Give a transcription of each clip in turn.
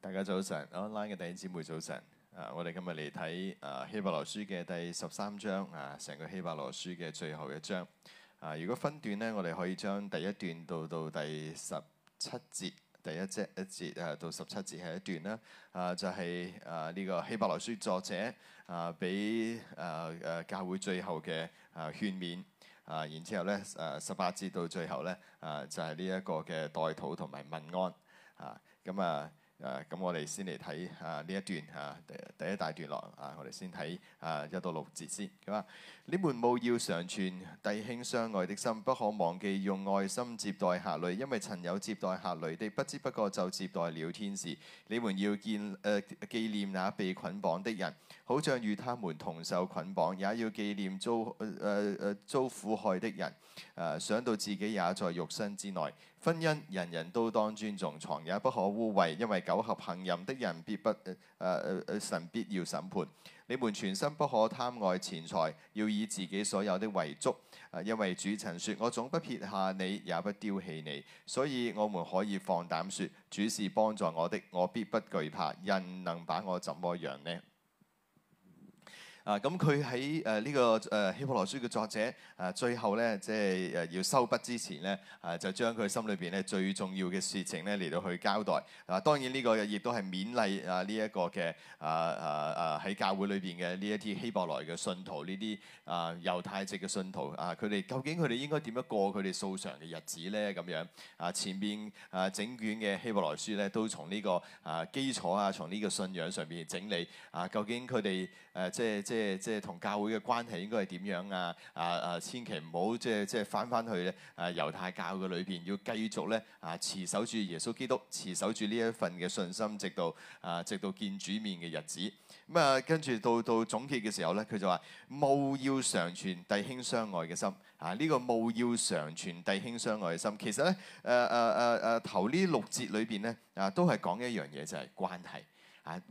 大家早晨，online 嘅弟兄姊妹早晨。啊，我哋今日嚟睇啊希伯來書嘅第十三章啊，成個希伯來書嘅最後一章啊。如果分段咧，我哋可以將第一段到到第十七節第一節一節啊，到十七節係一段啦。啊，就係誒啊呢個希伯來書作者啊俾啊誒教會最後嘅啊勸勉啊，然之後咧啊十八節到最後咧啊，就係呢一個嘅代禱同埋問安啊。咁啊～啊誒，咁我哋先嚟睇啊呢一段啊，第、啊、第一大段落啊，我哋先睇啊一到六節先，咁、嗯、啊，你們務要常存弟兄相愛的心，不可忘記用愛心接待客旅，因為曾有接待客旅的，不知不覺就接待了天使。你們要見誒紀、呃、念那被捆綁的人，好像與他們同受捆綁；也要紀念遭誒誒遭苦害的人，誒、啊、想到自己也在肉身之內。婚姻人人都當尊重床，床也不可污穢，因為苟合行淫的人，必不誒誒誒，神必要審判。你們全身不可貪愛錢財，要以自己所有的為足、呃，因為主曾說：我總不撇下你，也不丟棄你。所以我們可以放膽説：主是幫助我的，我必不懼怕。人能把我怎麼樣呢？啊，咁佢喺誒呢個誒希伯來書嘅作者，啊最後咧，即係誒要收筆之前咧，啊就將佢心裏邊咧最重要嘅事情咧嚟到去交代。啊，當然呢個亦都係勉勵啊呢一個嘅啊啊啊喺教會裏邊嘅呢一啲希伯來嘅信徒，呢啲啊猶太籍嘅信徒啊，佢哋究竟佢哋應該點樣過佢哋數常嘅日子咧？咁樣啊，前面啊整卷嘅希伯來書咧，都從呢個啊基礎啊，從呢個信仰上邊整理啊，究竟佢哋。誒即係即係即係同教會嘅關係應該係點樣啊？啊啊，千祈唔好即係即係翻返去啊猶太教嘅裏邊，要繼續咧啊持守住耶穌基督，持守住呢一份嘅信心，直到啊直到見主面嘅日子。咁啊，跟住到到總結嘅時候咧，佢就話：務要常存弟兄相愛嘅心。啊，呢個務要常存弟兄相愛嘅心，其實咧誒誒誒誒，頭呢六節裏邊咧啊，都係講一樣嘢，就係關係。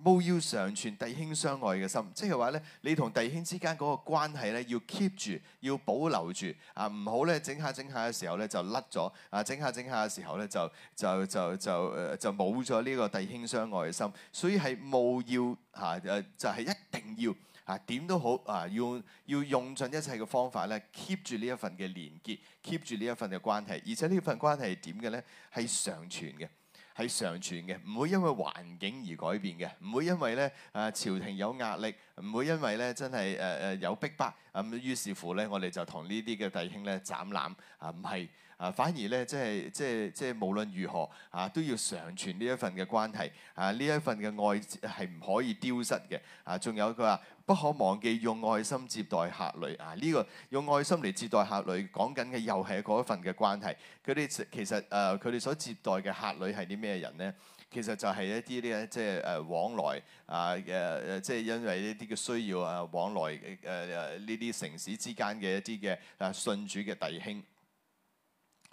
冇要常存弟兄相愛嘅心，即係話咧，你同弟兄之間嗰個關係咧，要 keep 住，要保留住，啊，唔好咧整下整下嘅時候咧就甩咗，啊，整下整下嘅時候咧就就就就誒就冇咗呢個弟兄相愛嘅心，所以係冇要嚇誒、啊，就係、是、一定要啊點都好啊，要要用盡一切嘅方法咧，keep 住呢一份嘅連結，keep 住呢一份嘅關係，而且呢份關係係點嘅咧，係常存嘅。係常存嘅，唔會因為環境而改變嘅，唔會因為咧啊朝廷有壓力，唔會因為咧真係誒誒有逼迫，咁於是乎咧，我哋就同呢啲嘅弟兄咧斬纜啊，唔係。啊，反而咧，即係即係即係，無論如何啊，都要常存呢一份嘅關係啊，呢一份嘅愛係唔可以丟失嘅啊。仲有佢話不可忘記用愛心接待客旅啊。呢、呢個用愛心嚟接待客旅，啊，講緊嘅又係嗰一份嘅關係。佢哋其實誒，佢、啊、哋所接待嘅客旅係啲咩人咧？其實就係一啲呢，即係誒、啊、往來啊誒即係因為呢啲嘅需要啊往來誒誒呢啲城市之間嘅一啲嘅啊信主嘅弟兄。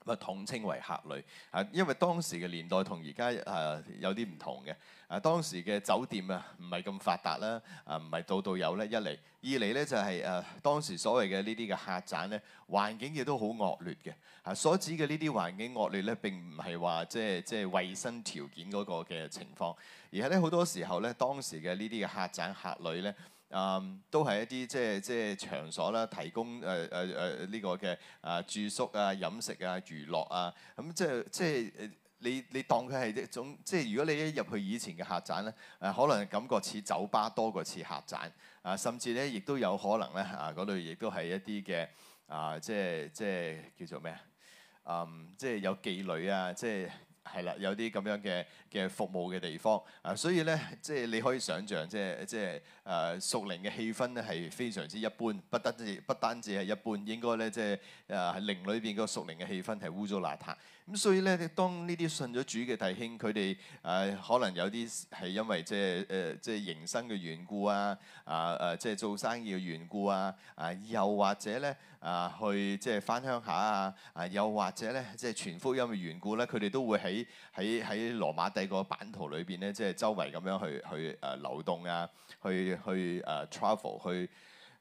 咪統稱為客旅啊，因為當時嘅年代、呃、同而家啊有啲唔同嘅啊，當時嘅酒店啊唔係咁發達啦，啊唔係度度有咧。一嚟，二嚟咧就係、是、誒、啊、當時所謂嘅呢啲嘅客棧咧，環境亦都好惡劣嘅啊。所指嘅呢啲環境惡劣咧，並唔係話即係即係衛生條件嗰個嘅情況，而係咧好多時候咧，當時嘅呢啲嘅客棧客旅咧。嗯，都係一啲即係即係場所啦，提供誒誒誒呢個嘅啊住宿啊、飲食啊、娛樂啊，咁即係即係你你當佢係一種即係、即係、如果你一入去以前嘅客棧咧，誒可能感覺似酒吧多過似客棧啊，甚至咧亦都有可能咧啊嗰類亦都係一啲嘅啊即係即係叫做咩啊？嗯，即係有妓女啊，即係。係啦，有啲咁樣嘅嘅服務嘅地方啊，所以咧，即係你可以想象，即係即係誒，屬靈嘅氣氛咧係非常之一般，不單止不單止係一般，應該咧即係誒靈裏邊嗰屬靈嘅氣氛係污糟邋遢。咁所以咧，當呢啲信咗主嘅弟兄，佢哋誒可能有啲係因為即係誒即係營生嘅緣故啊，啊誒即係做生意嘅緣故啊，啊、呃、又或者咧啊、呃、去即係返鄉下啊，啊又或者咧即係傳福音嘅緣故咧，佢哋都會喺喺喺羅馬帝個版圖裏邊咧，即係周圍咁樣去去誒、呃、流動啊，去去誒 travel 去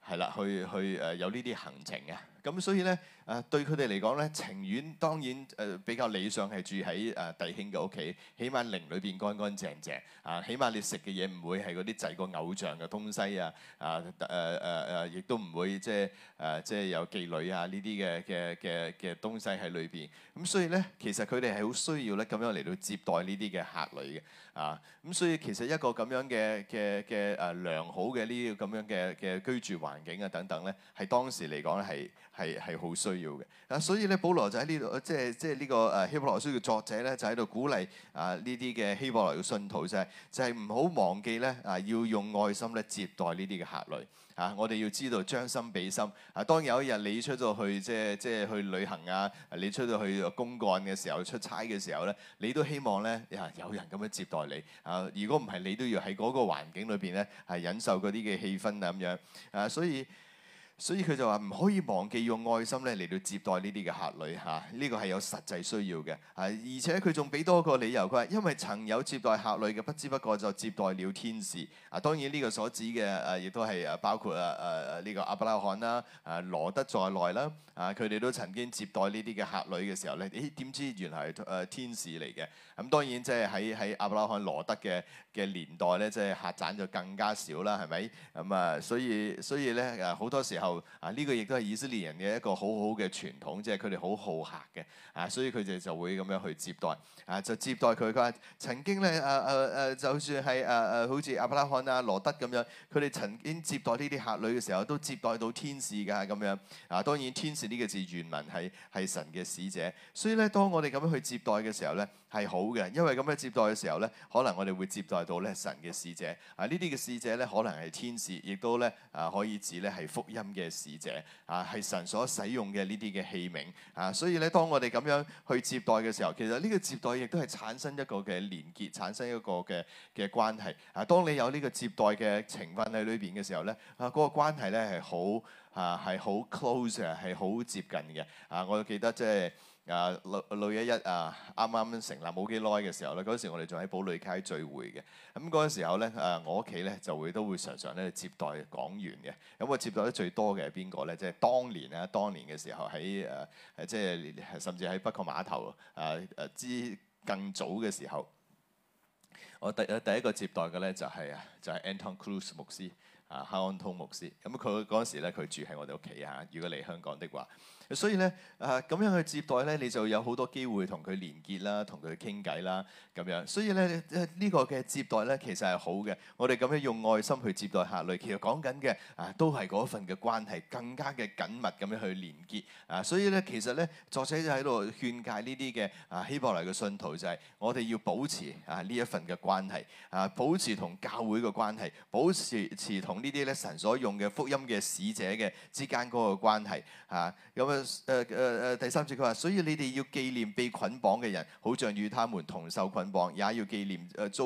係啦，去去誒、呃呃、有呢啲行程啊。咁所以咧，誒對佢哋嚟講咧，情願當然誒、呃、比較理想係住喺誒、呃、弟兄嘅屋企，起碼陵裏邊乾乾淨淨，啊，起碼你食嘅嘢唔會係嗰啲祭過偶像嘅東西啊，啊誒誒誒，亦都唔會、呃呃、即係誒即係有妓女啊呢啲嘅嘅嘅嘅東西喺裏邊。咁所以咧，其實佢哋係好需要咧，咁樣嚟到接待呢啲嘅客旅。嘅。啊，咁所以其實一個咁樣嘅嘅嘅誒良好嘅呢啲咁樣嘅嘅居住環境啊等等咧，係當時嚟講咧係係係好需要嘅。啊，所以咧，保羅就喺呢度，即係即係呢、這個誒、啊、希伯來書嘅作者咧，就喺度鼓勵啊呢啲嘅希伯來嘅信徒就係、是、就係唔好忘記咧啊，要用愛心咧接待呢啲嘅客旅。啊！我哋要知道將心比心。啊，當有一日你出到去即係即係去旅行啊，你出到去公幹嘅時候、出差嘅時候咧，你都希望咧，有人咁樣接待你。啊，如果唔係，你都要喺嗰個環境裏邊咧，係忍受嗰啲嘅氣氛啊咁樣。啊，所以。所以佢就話唔可以忘記用愛心咧嚟到接待呢啲嘅客旅。嚇、啊，呢個係有實際需要嘅。啊，而且佢仲俾多個理由，佢話因為曾有接待客旅嘅，不知不覺就接待了天使。啊，當然呢個所指嘅誒，亦、啊、都係誒包括誒誒呢個亞伯拉罕啦、誒、啊、羅德在內啦。啊，佢哋都曾經接待呢啲嘅客旅嘅時候咧，咦？點知原來係誒天使嚟嘅？咁、啊、當然即係喺喺亞伯拉罕、羅德嘅嘅年代咧，即、就、係、是、客棧就更加少啦，係咪？咁啊，所以所以咧誒，好、啊、多時候。啊！呢個亦都係以色列人嘅一個好好嘅傳統，即係佢哋好好客嘅啊，所以佢哋就會咁樣去接待啊，就接待佢佢話曾經咧啊啊啊，就算係啊啊，好似亞伯拉罕啊、羅德咁樣，佢哋曾經接待呢啲客旅嘅時候，都接待到天使㗎咁樣啊。當然，天使呢個字原文係係神嘅使者，所以咧，當我哋咁樣去接待嘅時候咧，係好嘅，因為咁樣接待嘅時候咧，可能我哋會接待到咧神嘅使者啊。呢啲嘅使者咧，可能係天使，亦都咧啊，可以指咧係福音嘅使者啊，係神所使用嘅呢啲嘅器皿啊，所以咧，當我哋咁樣去接待嘅時候，其實呢個接待亦都係產生一個嘅連結，產生一個嘅嘅關係。啊，當你有呢個接待嘅情分喺裏邊嘅時候咧，啊，嗰個關係咧係好啊，係好 close 啊，係好接近嘅。啊，我記得即係。就是六一一啊，六六一一啊，啱啱成立冇幾耐嘅時候咧，嗰時我哋仲喺寶裏街聚會嘅。咁嗰個時候咧，誒、啊、我屋企咧就會都會常常咧接待講員嘅。咁、啊、我接待得最多嘅係邊個咧？即係當年咧，當年嘅時候喺誒、啊，即係甚至喺北角碼頭誒誒之更早嘅時候，我第第一個接待嘅咧就係、是、就係、是、Anton Cruz 牧師、ok si, 啊，哈安通牧師、ok si, 啊。咁佢嗰陣時咧，佢住喺我哋屋企啊。如果嚟香港的話。所以咧，啊咁樣去接待咧，你就會有好多機會同佢連結啦，同佢傾偈啦，咁樣。所以咧，呢個嘅接待咧，其實係好嘅。我哋咁樣用愛心去接待客旅，其實講緊嘅啊，都係嗰份嘅關係更加嘅緊密咁樣去連結啊。所以咧，其實咧，作者就喺度勸誡呢啲嘅啊希伯來嘅信徒就係我哋要保持啊呢一份嘅關係啊，保持同教會嘅關係，保持持同呢啲咧神所用嘅福音嘅使者嘅之間嗰個關係咁啊～啊啊啊啊啊誒誒誒，第三節佢話：所以你哋要記念被捆綁嘅人，好像與他們同受捆綁；也要記念誒遭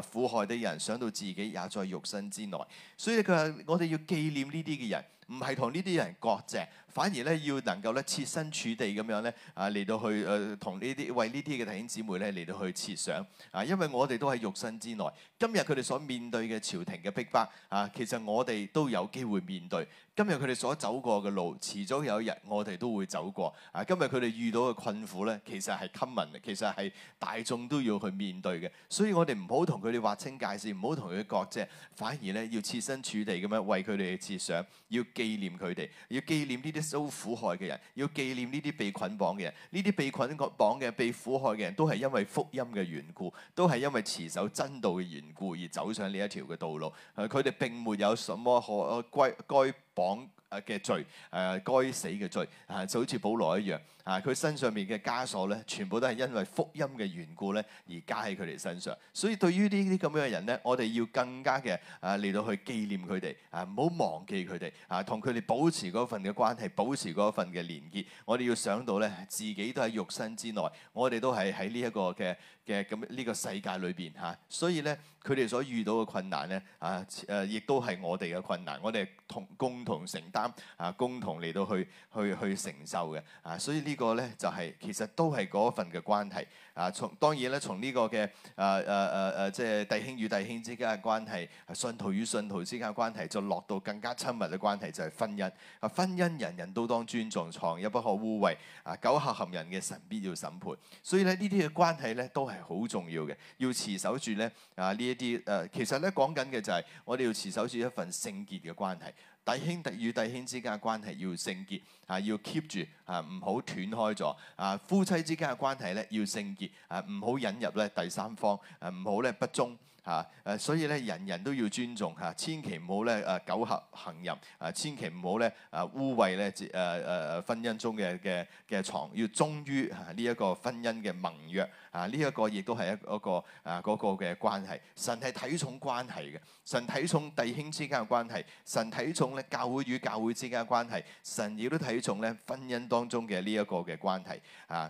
誒苦害的人，想到自己也在肉身之內。所以佢話：我哋要記念呢啲嘅人，唔係同呢啲人割席。反而咧要能夠咧設身處地咁樣咧啊嚟到去誒同呢啲為呢啲嘅弟兄姊妹咧嚟到去設想啊，因為我哋都係肉身之內，今日佢哋所面對嘅朝廷嘅逼迫啊，其實我哋都有機會面對，啊，今日佢哋所走過嘅路，遲早有一日我哋都會走過啊，今日佢哋遇到嘅困苦咧，其實係 common，其實係大眾都要去面對嘅。所以我哋唔好同佢哋劃清界線，唔好同佢哋隔絕，反而咧要設身處地咁樣為佢哋去設想，要紀念佢哋，要紀念呢啲。遭苦害嘅人，要紀念呢啲被捆綁嘅人，呢啲被捆綁嘅、被苦害嘅人都係因為福音嘅緣故，都係因為持守真道嘅緣故而走上呢一條嘅道路。佢、呃、哋並沒有什麼可該該綁嘅罪，誒、呃、該死嘅罪，呃、就好似保羅一樣。啊！佢身上面嘅枷鎖咧，全部都係因為福音嘅緣故咧而加喺佢哋身上。所以對於呢呢呢啲咁樣嘅人咧，我哋要更加嘅啊嚟到去紀念佢哋啊，唔好忘記佢哋啊，同佢哋保持嗰份嘅關係，保持嗰份嘅連結。我哋要想到咧，自己都喺肉身之內，我哋都係喺呢一個嘅嘅咁呢個世界裏邊吓、啊。所以咧，佢哋所遇到嘅困難咧啊誒，亦都係我哋嘅困難，我哋同共同承擔，啊，共同嚟到去去去承受嘅啊。所以呢、呢個。呢個咧就係其實都係嗰份嘅關係啊！從當然咧，從呢個嘅誒誒誒誒，即係弟兄與弟兄之間嘅關係，信徒與信徒之間嘅關係，就落到更加親密嘅關係，就係、是、婚姻啊！婚姻人人都當尊重，床也不可污穢啊！苟合行淫嘅神必要審判，所以咧呢啲嘅關係咧都係好重要嘅，要持守住咧啊！呢一啲誒，其實咧講緊嘅就係我哋要持守住一份聖潔嘅關係。弟兄弟與弟兄之間嘅關係要聖潔，啊，要 keep 住，啊唔好斷開咗，啊。夫妻之間嘅關係咧要聖潔，啊唔好引入咧第三方，誒唔好咧不忠。嚇！誒，所以咧，人人都要尊重嚇，千祈唔好咧誒，苟合行淫，誒，千祈唔好咧誒，污穢咧誒誒婚姻中嘅嘅嘅牀，要忠於呢一個婚姻嘅盟約，啊，呢一個亦都係一嗰個啊嗰個嘅關係。神係睇重關係嘅，神睇重弟兄之間嘅關係，神睇重咧教會與教會之間嘅關係，神亦都睇重咧婚姻當中嘅呢一個嘅關係，啊。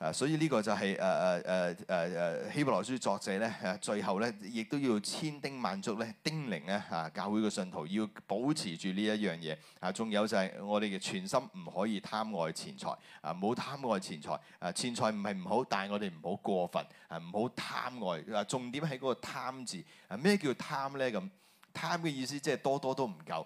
就是、啊，所以呢個就係誒誒誒誒誒希伯來書作者咧、啊，最後咧亦都要千叮萬囑咧，叮嚀咧嚇教會嘅信徒要保持住呢一樣嘢。啊，仲有就係我哋嘅全心唔可以貪愛錢財啊，唔好貪愛錢財啊，錢財唔係唔好，但係我哋唔好過分啊，唔好貪愛啊。重點喺嗰個貪字啊，咩叫貪咧？咁貪嘅意思即係多多都唔夠。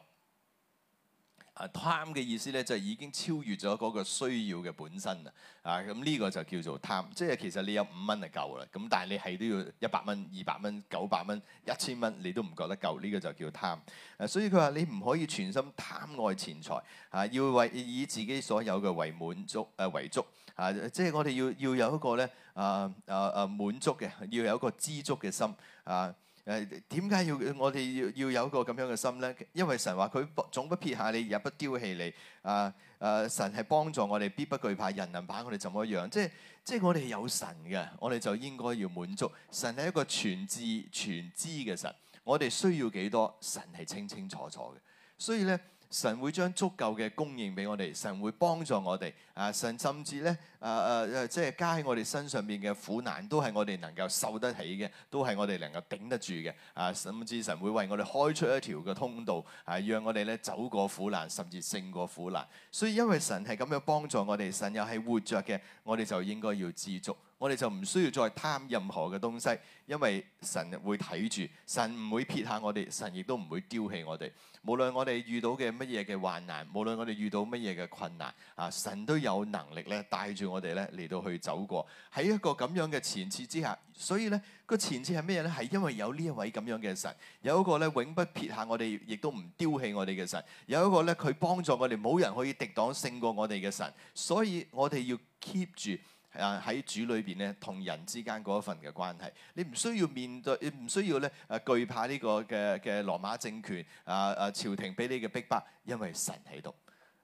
誒貪嘅意思咧，就係、是、已經超越咗嗰個需要嘅本身啦。啊，咁、這、呢個就叫做貪，即係其實你有五蚊就夠啦。咁但係你係都要一百蚊、二百蚊、九百蚊、一千蚊，你都唔覺得夠？呢、這個就叫貪。誒、啊，所以佢話你唔可以全心貪愛錢財，啊，要為以自己所有嘅為滿足誒、啊、為足。啊，即係我哋要要有一個咧啊啊啊滿足嘅，要有一個知足嘅心啊。誒點解要我哋要要有個咁樣嘅心咧？因為神話佢不總不撇下你，也不丟棄你。啊、呃、啊、呃！神係幫助我哋，必不懼怕，人能把我哋怎麼樣？即係即係我哋有神嘅，我哋就應該要滿足。神係一個全智全知嘅神，我哋需要幾多，神係清清楚楚嘅。所以咧。神會將足夠嘅供應俾我哋，神會幫助我哋。啊，神甚至咧，啊啊啊，即、呃、係、就是、加喺我哋身上邊嘅苦難，都係我哋能夠受得起嘅，都係我哋能夠頂得住嘅。啊，甚至神會為我哋開出一條嘅通道，係、啊、讓我哋咧走過苦難，甚至勝過苦難。所以因為神係咁樣幫助我哋，神又係活著嘅，我哋就應該要知足。我哋就唔需要再貪任何嘅東西，因為神會睇住，神唔會撇下我哋，神亦都唔會丟棄我哋。無論我哋遇到嘅乜嘢嘅患難，無論我哋遇到乜嘢嘅困難，啊，神都有能力咧帶住我哋咧嚟到去走過。喺一個咁樣嘅前設之下，所以咧個前設係咩嘢咧？係因為有呢一位咁樣嘅神，有一個咧永不撇下我哋，亦都唔丟棄我哋嘅神，有一個咧佢幫助我哋，冇人可以敵擋勝過我哋嘅神。所以我哋要 keep 住。啊，喺主裏邊咧，同人之間嗰一份嘅關係，你唔需要面對，你唔需要咧誒，懼怕呢個嘅嘅羅馬政權啊，啊朝廷俾你嘅逼迫，因為神喺度。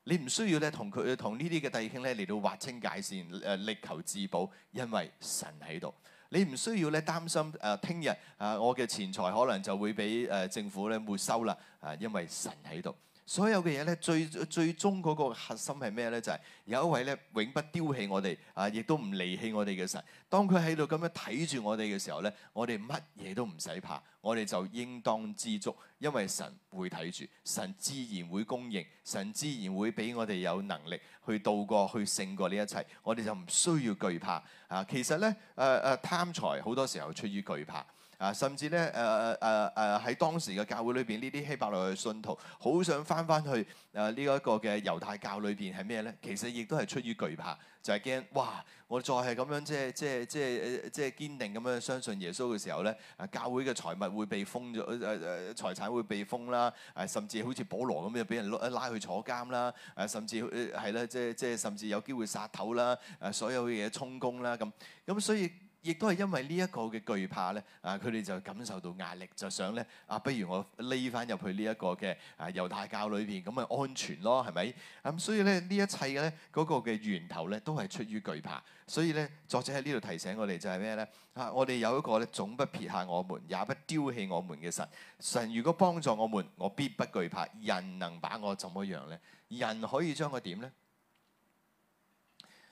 你唔需要咧同佢同呢啲嘅弟兄咧嚟到劃清界線誒，力求自保，因為神喺度。你唔需要咧擔心誒，聽日啊，啊我嘅錢財可能就會俾誒、啊、政府咧沒收啦啊，因為神喺度。所有嘅嘢咧，最最終嗰個核心係咩咧？就係、是、有一位咧，永不丟棄我哋，啊，亦都唔離棄我哋嘅神。當佢喺度咁樣睇住我哋嘅時候咧，我哋乜嘢都唔使怕，我哋就應當知足，因為神會睇住，神自然會供應，神自然會俾我哋有能力去度過、去勝過呢一切，我哋就唔需要懼怕。啊，其實咧，誒、啊、誒，貪財好多時候出於懼怕。呃呃、啊，甚至咧，誒誒誒誒，喺當時嘅教會裏邊，呢啲希伯來嘅信徒好想翻翻去誒呢、呃這個、一個嘅猶太教裏邊係咩咧？其實亦都係出於懼怕，就係、是、驚哇！我再係咁樣即係即係即係即係堅定咁樣相信耶穌嘅時候咧，啊，教會嘅財物會被封咗，誒誒，財產會被封啦，啊，甚至好似保羅咁樣俾人拉拉去坐監啦，啊，甚至係、嗯、啦，即係一即係甚至有機會殺頭啦，啊，所有嘅嘢充公啦，咁咁所以。亦都係因為呢一個嘅懼怕咧，啊，佢哋就感受到壓力，就想咧，啊不如我匿翻入去呢一個嘅啊猶太教裏邊，咁咪安全咯，係咪？咁、嗯、所以咧，呢一切嘅咧嗰個嘅源頭咧，都係出於懼怕。所以咧，作者喺呢度提醒我哋就係咩咧？啊，我哋有一個咧，總不撇下我們，也不丟棄我們嘅神。神如果幫助我們，我必不懼怕。人能把我怎麼樣咧？人可以將佢點咧？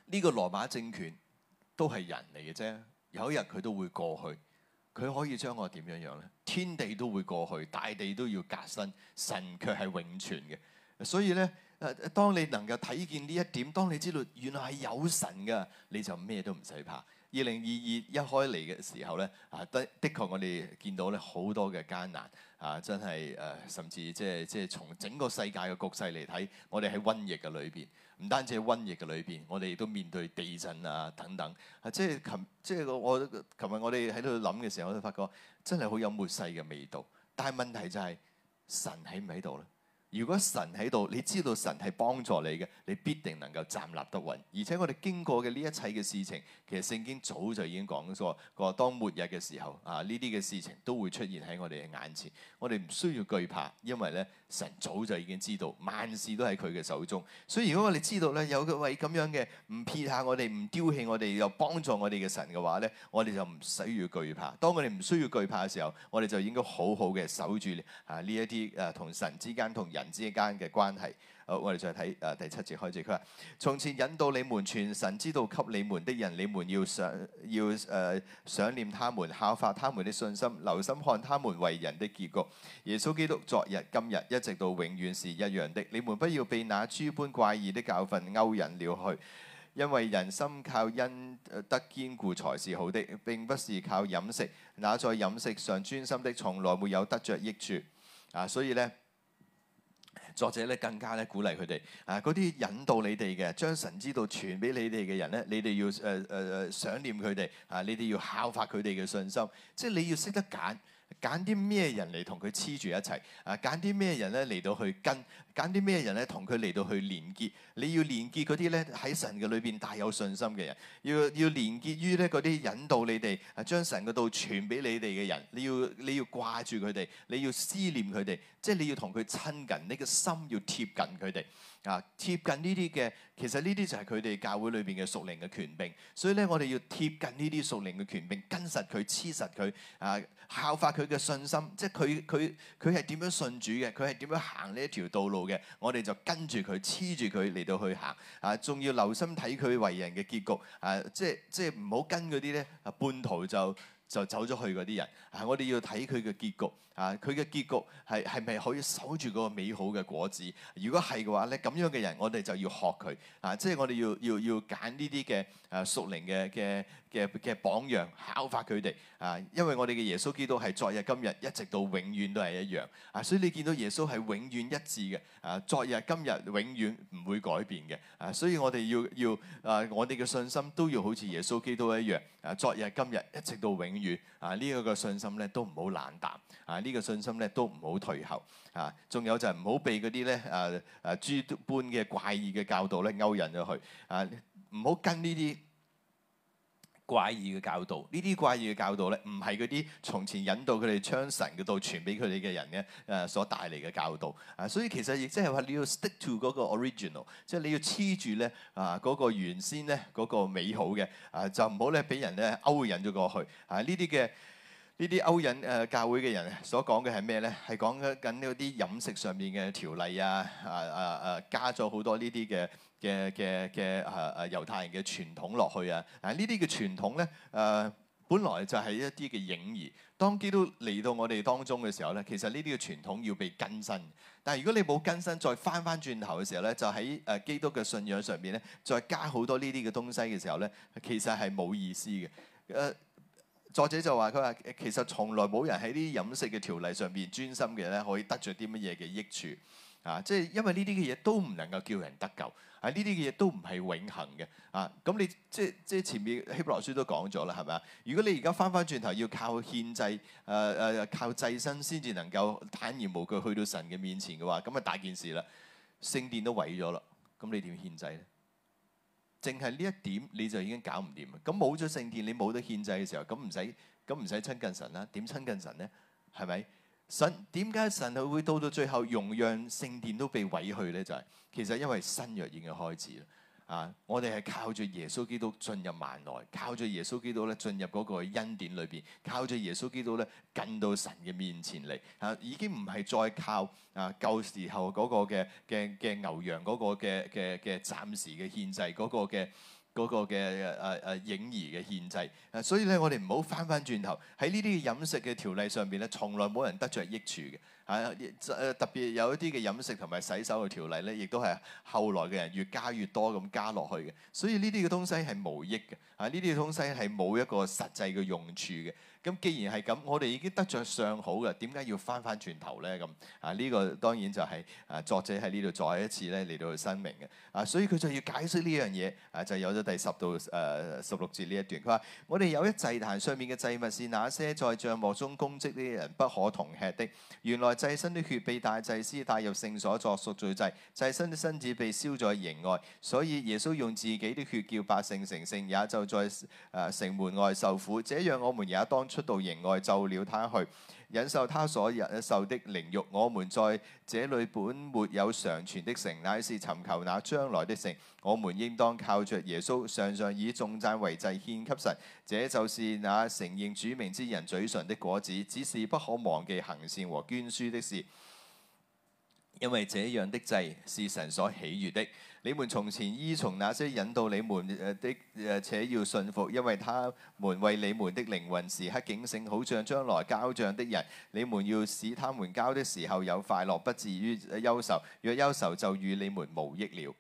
呢、這個羅馬政權都係人嚟嘅啫。有一日佢都會過去，佢可以將我點樣樣咧？天地都會過去，大地都要革新，神卻係永存嘅。所以咧，誒、啊，當你能夠睇見呢一點，當你知道原來係有神嘅，你就咩都唔使怕。二零二二一開嚟嘅時候咧，啊，的確我哋見到咧好多嘅艱難，啊，真係誒、啊，甚至即係即係從整個世界嘅局勢嚟睇，我哋喺瘟疫嘅裏邊。唔單止喺瘟疫嘅裏邊，我哋亦都面對地震啊等等。啊，即係琴，即係我，琴日我哋喺度諗嘅時候，我都發覺真係好有末世嘅味道。但係問題就係神喺唔喺度咧？如果神喺度，你知道神係幫助你嘅，你必定能夠站立得穩。而且我哋經過嘅呢一切嘅事情，其實聖經早就已經講過，個當末日嘅時候啊，呢啲嘅事情都會出現喺我哋嘅眼前。我哋唔需要懼怕，因為咧。神早就已經知道，萬事都喺佢嘅手中。所以如果我哋知道咧，有個位咁樣嘅，唔撇下我哋，唔丟棄我哋，又幫助我哋嘅神嘅話咧，我哋就唔需要懼怕。當我哋唔需要懼怕嘅時候，我哋就應該好好嘅守住啊呢一啲誒同神之間、同人之間嘅關係。好，我哋再睇誒、呃、第七節開始。佢話：從前引導你們傳神之道給你們的人，你們要想要誒、呃、想念他們，效法他們的信心，留心看他們為人的結局。耶穌基督昨日、今日一直到永遠是一樣的。你們不要被那諸般怪異的教訓勾引了去，因為人心靠恩得堅固才是好的，並不是靠飲食。那在飲食上專心的，從來沒有得着益處。啊、呃，所以呢。作者咧更加咧鼓勵佢哋，啊嗰啲引導你哋嘅，將神之道傳俾你哋嘅人咧，你哋要誒誒誒想念佢哋，啊你哋要效法佢哋嘅信心，即係你要識得揀，揀啲咩人嚟同佢黐住一齊，啊揀啲咩人咧嚟到去跟，揀啲咩人咧同佢嚟到去連結，你要連結嗰啲咧喺神嘅裏邊大有信心嘅人，要要連結於咧嗰啲引導你哋，啊將神嘅道傳俾你哋嘅人，你要你要掛住佢哋，你要思念佢哋。即係你要同佢親近，你個心要貼近佢哋啊！貼近呢啲嘅，其實呢啲就係佢哋教會裏邊嘅屬靈嘅權柄。所以咧，我哋要貼近呢啲屬靈嘅權柄，跟實佢，黐實佢啊！效法佢嘅信心，即係佢佢佢係點樣信主嘅，佢係點樣行呢一條道路嘅，我哋就跟住佢，黐住佢嚟到去行啊！仲要留心睇佢為人嘅結局啊！即係即係唔好跟嗰啲咧啊半途就就走咗去嗰啲人啊！我哋要睇佢嘅結局。啊！佢嘅結局係係咪可以守住嗰個美好嘅果子？如果係嘅話咧，咁樣嘅人我哋就要學佢啊！即係我哋要要要揀呢啲嘅誒屬靈嘅嘅嘅嘅榜樣，考發佢哋啊！因為我哋嘅耶穌基督係昨日今日一直到永遠都係一樣啊！所以你見到耶穌係永遠一致嘅啊！昨日今日永遠唔會改變嘅啊！所以我哋要要啊！我哋嘅信心都要好似耶穌基督一樣啊！昨日今日一直到永遠啊！呢一個信心咧都唔好冷淡。啊！呢個信心咧都唔好退後啊！仲有就係唔好被嗰啲咧誒誒諸般嘅怪異嘅教導咧勾引咗去啊！唔好跟呢啲怪異嘅教導，呢啲怪異嘅教導咧唔係嗰啲從前引導佢哋將神嘅道傳俾佢哋嘅人咧誒所帶嚟嘅教導啊！所以其實亦即係話你要 stick to 嗰個 original，即係你要黐住咧啊嗰個原先咧嗰個美好嘅啊，就唔好咧俾人咧勾引咗過去啊！呢啲嘅。呢啲勾引誒教會嘅人所講嘅係咩咧？係講緊呢啲飲食上面嘅條例啊！啊啊啊，加咗好多呢啲嘅嘅嘅嘅誒誒猶太人嘅傳統落去啊！嗱，呢啲嘅傳統咧誒，本來就係一啲嘅影兒。當基督嚟到我哋當中嘅時候咧，其實呢啲嘅傳統要被更新。但係如果你冇更新，再返返轉頭嘅時候咧，就喺誒基督嘅信仰上邊咧，再加好多呢啲嘅東西嘅時候咧，其實係冇意思嘅。誒。作者就話：佢話，其實從來冇人喺啲飲食嘅條例上邊專心嘅咧，可以得着啲乜嘢嘅益處啊！即係因為呢啲嘅嘢都唔能夠叫人得救，啊呢啲嘅嘢都唔係永恆嘅啊！咁你即係即係前面希伯來書都講咗啦，係咪啊？如果你而家翻翻轉頭要靠獻祭，誒、啊、誒靠祭牲先至能夠坦然無懼去到神嘅面前嘅話，咁啊大件事啦，聖殿都毀咗啦，咁你點獻祭咧？淨係呢一點你就已經搞唔掂啦！咁冇咗聖殿，你冇得獻祭嘅時候，咁唔使咁唔使親近神啦？點親近神呢？係咪神？點解神係會到到最後容讓聖殿都被毀去呢？就係、是、其實因為新約已經開始啦。啊！我哋係靠住耶穌基督進入幔內，靠住耶穌基督咧進入嗰個恩典裏邊，靠住耶穌基督咧近到神嘅面前嚟。嚇、啊，已經唔係再靠啊舊時候嗰個嘅嘅嘅牛羊嗰個嘅嘅嘅暫時嘅獻祭、嗰、那個嘅嗰、那個嘅誒誒影兒嘅獻祭、啊。所以咧我哋唔好翻翻轉頭喺呢啲飲食嘅條例上邊咧，從來冇人得着益處嘅。啊！就特別有一啲嘅飲食同埋洗手嘅條例咧，亦都係後來嘅人越加越多咁加落去嘅。所以呢啲嘅東西係無益嘅。啊，呢啲嘅東西係冇一個實際嘅用處嘅。咁、啊、既然係咁，我哋已經得着上好嘅，點解要翻返轉頭咧？咁啊，呢、啊這個當然就係、是、啊作者喺呢度再一次咧嚟到去申明嘅。啊，所以佢就要解釋呢樣嘢。啊，就有咗第十到誒、啊、十六節呢一段，佢話：我哋有一祭壇上面嘅祭物是那些在帳幕中供職呢啲人不可同吃的。原來。祭身的血被大祭司帶入聖所作贖罪祭，祭身的身子被燒在營外。所以耶穌用自己的血叫百姓成聖，也就在誒城、呃、門外受苦。這樣我們也當出到營外就了他去。忍受他所忍受的凌辱，我們在這裏本沒有常存的城，乃是尋求那將來的城。我們應當靠着耶穌，常常以頌讚為祭獻給神，這就是那承認主名之人嘴唇的果子。只是不可忘記行善和捐輸的事，因為這樣的祭是神所喜悦的。你們從前依從那些引導你們的，且要信服，因為他們為你們的靈魂時刻警醒，好像將來交賬的人。你們要使他們交的時候有快樂，不至於憂愁；若憂愁，就與你們無益了。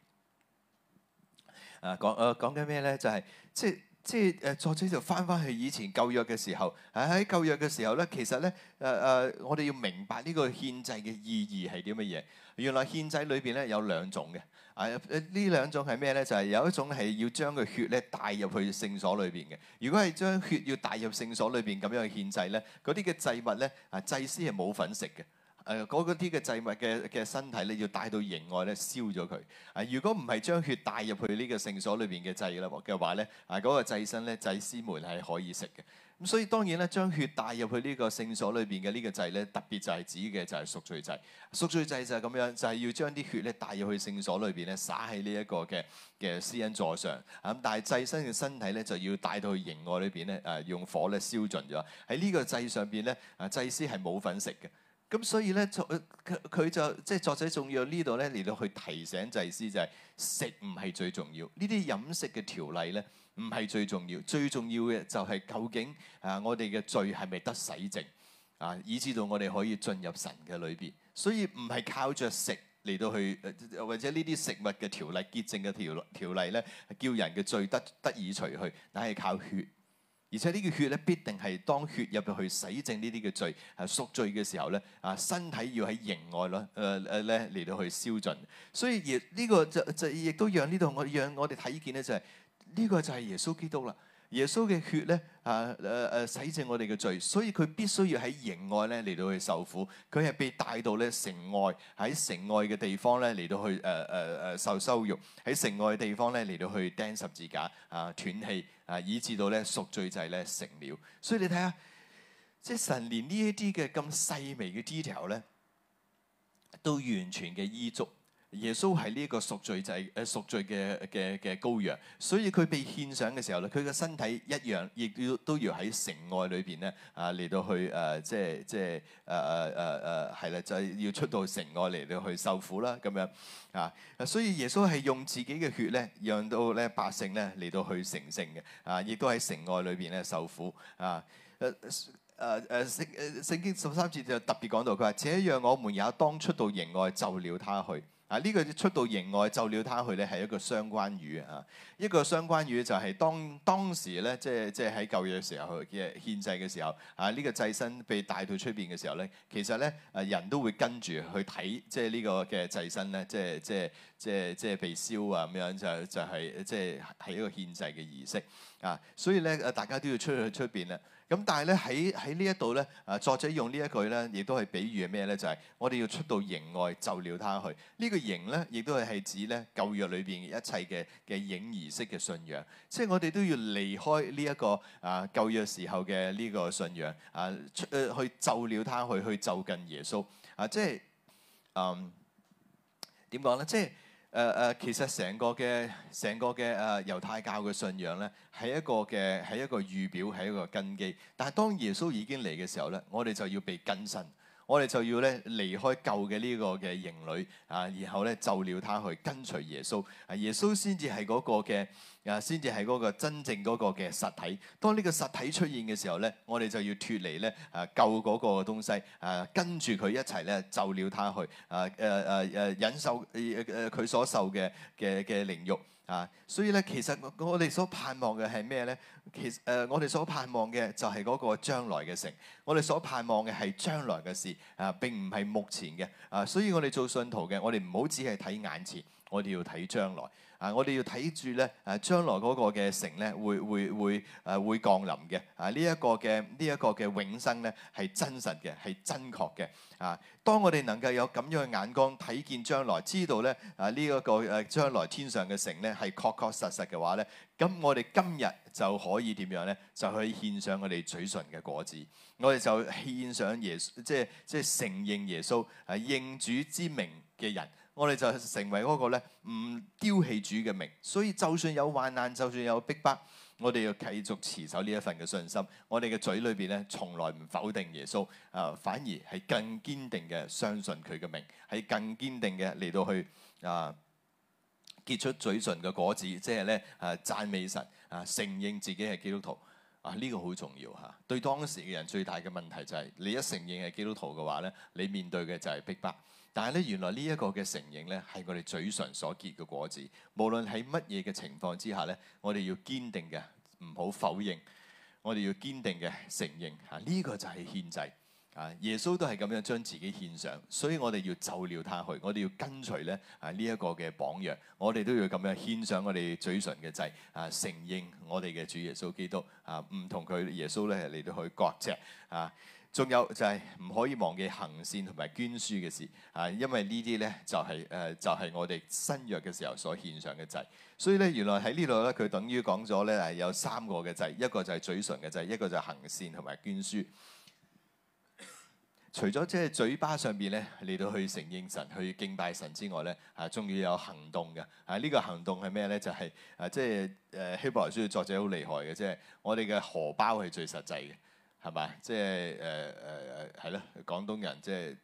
啊，講誒講緊咩咧？就係即即誒作者就翻翻去以前舊約嘅時候，喺舊約嘅時候咧，其實咧誒誒，我哋要明白呢個獻祭嘅意義係啲乜嘢？原來獻祭裏邊咧有兩種嘅。啊！呢兩種係咩咧？就係有一種係要將個血咧帶入去聖所裏邊嘅。如果係將血要帶入聖所裏邊咁樣獻祭咧，嗰啲嘅祭物咧，啊祭司係冇份食嘅。誒，嗰啲嘅祭物嘅嘅身體，你要帶到營外咧燒咗佢。啊，如果唔係將血帶入去呢個聖所裏邊嘅祭啦嘅話咧，啊嗰個祭身咧，祭司們係可以食嘅。咁所以當然咧，將血帶入去呢個聖所裏邊嘅呢個祭咧，特別就係指嘅就係贖罪祭。贖罪祭就係咁樣，就係、是、要將啲血咧帶入去聖所裏邊咧，撒喺呢一個嘅嘅施恩座上。咁但係祭牲嘅身體咧，就要帶到去營外裏邊咧，誒、呃、用火咧燒盡咗。喺呢個祭上邊咧，祭司係冇份食嘅。咁所以咧，佢就即係作者仲要。呢度咧嚟到去提醒祭司就係、是、食唔係最重要。呢啲飲食嘅條例咧。唔係最重要，最重要嘅就係究竟啊，我哋嘅罪係咪得洗淨啊，以至到我哋可以進入神嘅裏邊。所以唔係靠着食嚟到去、呃，或者呢啲食物嘅條例潔淨嘅條條例咧，叫人嘅罪得得以除去，但係靠血。而且呢個血咧，必定係當血入去洗淨呢啲嘅罪，係贖罪嘅時候咧，啊身體要喺營外咯，誒誒咧嚟到去消盡。所以而呢個就就亦都讓呢度我讓我哋睇見咧就係。呢個就係耶穌基督啦！耶穌嘅血咧，誒誒誒洗淨我哋嘅罪，所以佢必須要喺營外咧嚟到去受苦。佢係被帶到咧城外，喺城外嘅地方咧嚟到去誒誒誒受羞辱，喺城外嘅地方咧嚟到去釘十字架，啊斷氣，啊以至到咧贖罪祭咧成了。所以你睇下，即係神連呢一啲嘅咁細微嘅 detail 咧，都完全嘅依足。耶穌係呢個贖罪祭，誒、就、贖、是、罪嘅嘅嘅羔羊，所以佢被獻上嘅時候咧，佢嘅身體一樣，亦要都要喺城外裏邊咧，啊嚟到去誒、呃，即係即係誒誒誒誒，係、呃、啦、啊啊，就係、是、要出到城外嚟到去受苦啦咁樣啊。所以耶穌係用自己嘅血咧，讓到咧百姓咧嚟到去成聖嘅啊，亦都喺城外裏邊咧受苦啊。誒誒誒聖誒、啊啊啊、聖經十三節就特別講到，佢話：這讓我們也當出到營外就了他去。啊！呢個出到營外，就了他去咧，係一個相關語啊。一個相關語就係當當時咧，即係即係喺舊約嘅時候去嘅獻祭嘅時候，啊！呢、呢個祭身被帶到出邊嘅時候咧，其實咧，啊人都會跟住去睇，即係呢個嘅祭身咧，即係即係即係即係被燒啊咁樣，就就係、係即係係一個獻祭嘅儀式。啊，所以咧，誒，大家都要出去出邊啦。咁但係咧，喺喺呢一度咧，啊，作者用呢一句咧，亦都係比喻咩咧？就係、是、我哋要出到營外，就了他去。這個、營呢個營咧，亦都係係指咧舊約裏邊一切嘅嘅影儀式嘅信仰。即、就、係、是、我哋都要離開呢、這、一個啊舊約時候嘅呢個信仰啊，出誒去就了他去，去就近耶穌啊。即係嗯點講咧？即係。誒誒、uh, uh, 其實成個嘅成個嘅誒、uh, 猶太教嘅信仰咧，係一個嘅係一個預表，係一個根基。但係當耶穌已經嚟嘅時候咧，我哋就要被更新。我哋就要咧離開舊嘅呢個嘅營壘啊，然後咧就了他去跟隨耶穌，啊耶穌先至係嗰個嘅啊，先至係嗰個真正嗰個嘅實體。當呢個實體出現嘅時候咧，我哋就要脫離咧啊舊嗰個東西啊，跟住佢一齊咧就了他去啊誒誒誒忍受誒誒佢所受嘅嘅嘅凌辱。啊，所以咧，其實、呃、我哋所盼望嘅係咩咧？其實呃我哋所盼望嘅就係嗰個將來嘅城，我哋所盼望嘅係將來嘅事，啊並唔係目前嘅，啊，所以我哋做信徒嘅，我哋唔好只係睇眼前，我哋要睇將來。啊！我哋要睇住咧，啊，將來嗰個嘅城咧，會會會，誒、呃，會降臨嘅。啊，呢一個嘅呢一個嘅永生咧，係真實嘅，係真確嘅。啊，當我哋能夠有咁樣嘅眼光睇見將來，知道咧，啊，呢、這、一個誒將來天上嘅城咧，係確確實實嘅話咧，咁我哋今日就可以點樣咧？就可以獻上我哋嘴唇嘅果子，我哋就獻上耶穌，即係即係承認耶穌，誒，認主之名嘅人。我哋就成為嗰個咧，唔丟棄主嘅名，所以就算有患難，就算有逼迫，我哋要繼續持守呢一份嘅信心。我哋嘅嘴裏邊咧，從來唔否定耶穌，啊，反而係更堅定嘅相信佢嘅名，係更堅定嘅嚟到去啊結出嘴唇嘅果子，即係咧誒讚美神啊，承認自己係基督徒啊，呢、這個好重要嚇、啊。對當時嘅人最大嘅問題就係、是，你一承認係基督徒嘅話咧，你面對嘅就係逼迫。但係咧，原來呢一個嘅承認咧，係我哋嘴唇所結嘅果子。無論喺乜嘢嘅情況之下咧，我哋要堅定嘅，唔好否認。我哋要堅定嘅承認。嚇、啊，呢、呢個就係獻祭。啊，耶穌都係咁樣將自己獻上，所以我哋要就了他去。我哋要跟隨咧啊呢一、呢個嘅榜樣。我哋都要咁樣獻上我哋嘴唇嘅祭。啊，承認我哋嘅主耶穌基督。啊，唔同佢耶穌咧嚟到去割席。啊。仲有就係、是、唔可以忘記行善同埋捐輸嘅事，啊，因為呢啲咧就係、是、誒、呃、就係、是、我哋新約嘅時候所獻上嘅祭。所以咧原來喺呢度咧佢等於講咗咧係有三個嘅祭，一個就係嘴唇嘅祭，一個就係行善同埋捐輸。除咗即係嘴巴上邊咧嚟到去承認神、去敬拜神之外咧，啊仲要有行動嘅。啊呢、這個行動係咩咧？就係、是、啊即係誒希伯來書嘅作者好厲害嘅，即、就、係、是、我哋嘅荷包係最實際嘅。係咪？即係誒誒誒，係、呃、咯、呃。廣東人即係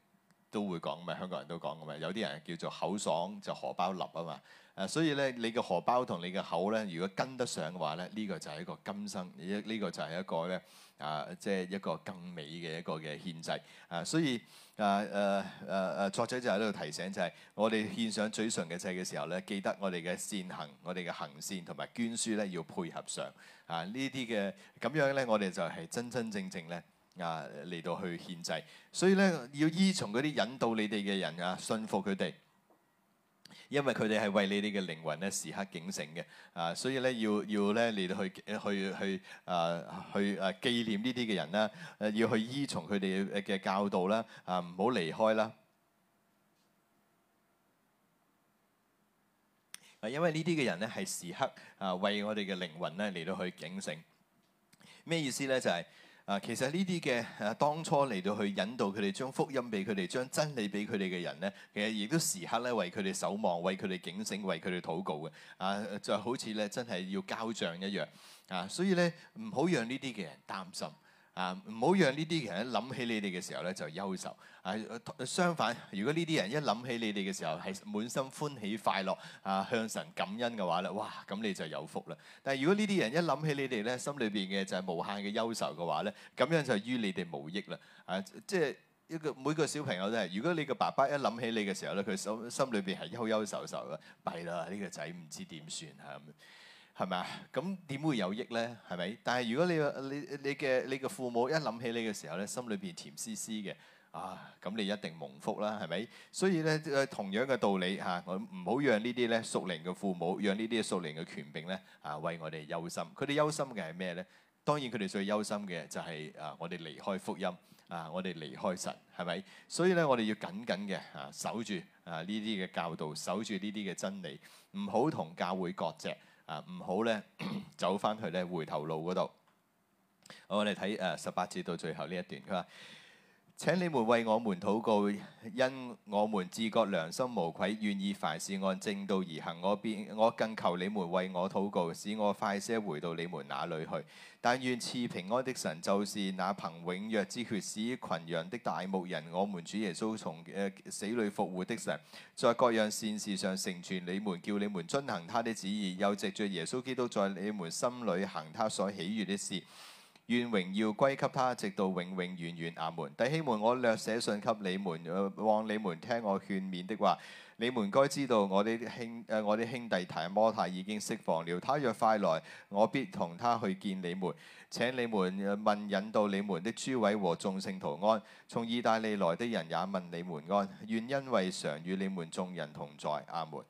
都會講咩？香港人都講咁啊。有啲人叫做口爽就是、荷包立啊嘛。誒、啊，所以咧，你嘅荷包同你嘅口咧，如果跟得上嘅話咧，呢、呢個就係一個今生，呢、這、呢個就係一個咧。啊，即係一個更美嘅一個嘅獻祭啊，所以啊，誒誒誒，作者就喺度提醒就係、是，我哋獻上嘴唇嘅祭嘅時候咧，記得我哋嘅善行，我哋嘅行善同埋捐輸咧要配合上啊，呢啲嘅咁樣咧，我哋就係真真正正咧啊嚟到去獻祭，所以咧要依從嗰啲引導你哋嘅人啊，信服佢哋。因為佢哋係為你哋嘅靈魂咧時刻警醒嘅，啊，所以咧要要咧嚟到去去去啊去啊紀念呢啲嘅人啦，啊，要去依從佢哋嘅教導啦，啊，唔好離開啦。啊，因為呢啲嘅人咧係時刻啊為我哋嘅靈魂咧嚟到去警醒。咩意思咧？就係。啊，其實呢啲嘅啊，當初嚟到去引導佢哋將福音俾佢哋，將真理俾佢哋嘅人咧，其實亦都時刻咧為佢哋守望，為佢哋警醒，為佢哋禱告嘅。啊，就好似咧真係要交賬一樣。啊，所以咧唔好讓呢啲嘅人擔心。啊，唔好讓呢啲人一諗起你哋嘅時候咧，就憂愁。啊，相反，如果呢啲人一諗起你哋嘅時候係滿心歡喜快樂，啊，向神感恩嘅話咧，哇，咁你就有福啦。但係如果呢啲人一諗起你哋咧，心裏邊嘅就係無限嘅憂愁嘅話咧，咁樣就於你哋無益啦。啊，即係一個每個小朋友都係，如果你個爸爸一諗起你嘅時候咧，佢心，心裏邊係憂憂愁愁嘅，弊啦，呢個仔唔知點算嚇。係咪啊？咁點會有益咧？係咪？但係如果你你你嘅你嘅父母一諗起你嘅時候咧，心裏邊甜絲絲嘅啊，咁你一定蒙福啦，係咪？所以咧，同樣嘅道理嚇，我唔好讓呢啲咧熟齡嘅父母，讓呢啲熟齡嘅權柄咧啊，為我哋憂心。佢哋憂心嘅係咩咧？當然佢哋最憂心嘅就係啊，我哋離開福音啊，我哋離開神係咪？所以咧，我哋要緊緊嘅啊，守住啊呢啲嘅教導，守住呢啲嘅真理，唔好同教會割席。啊，唔好咧，走翻去咧，回頭路嗰度。好，我哋睇誒十八節到最後呢一段，佢話。請你們為我們禱告，因我們自覺良心無愧，願意凡事按正道而行。我便，我更求你們為我禱告，使我快些回到你們那裏去。但願賜平安的神，就是那憑永約之血使群羊的大牧人，我們主耶穌從誒、呃、死裏復活的神，在各樣善事上成全你們，叫你們遵行他的旨意。又藉着耶穌基督在你們心裏行他所喜悅的事。願榮耀歸給他，直到永永遠遠。阿門。弟兄們，我略寫信給你們，望你們聽我勸勉的話。你們該知道我，我的兄我的兄弟提摩太已經釋放了。他若快來，我必同他去見你們，請你們問引導你們的諸位和眾聖徒安。從意大利來的人也問你們安。願恩惠常與你們眾人同在。阿門。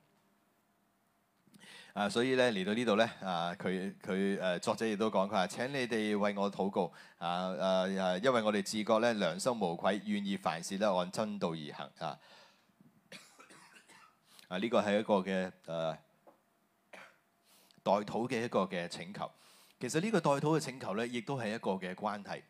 啊，所以咧嚟到呢度咧，啊佢佢誒作者亦都講，佢話：請你哋為我禱告啊，誒、啊、因為我哋自覺咧良心無愧，願意凡事都按真道而行啊。啊，呢個係一個嘅誒、啊、代禱嘅一個嘅請求。其實呢個代禱嘅請求咧，亦都係一個嘅關係。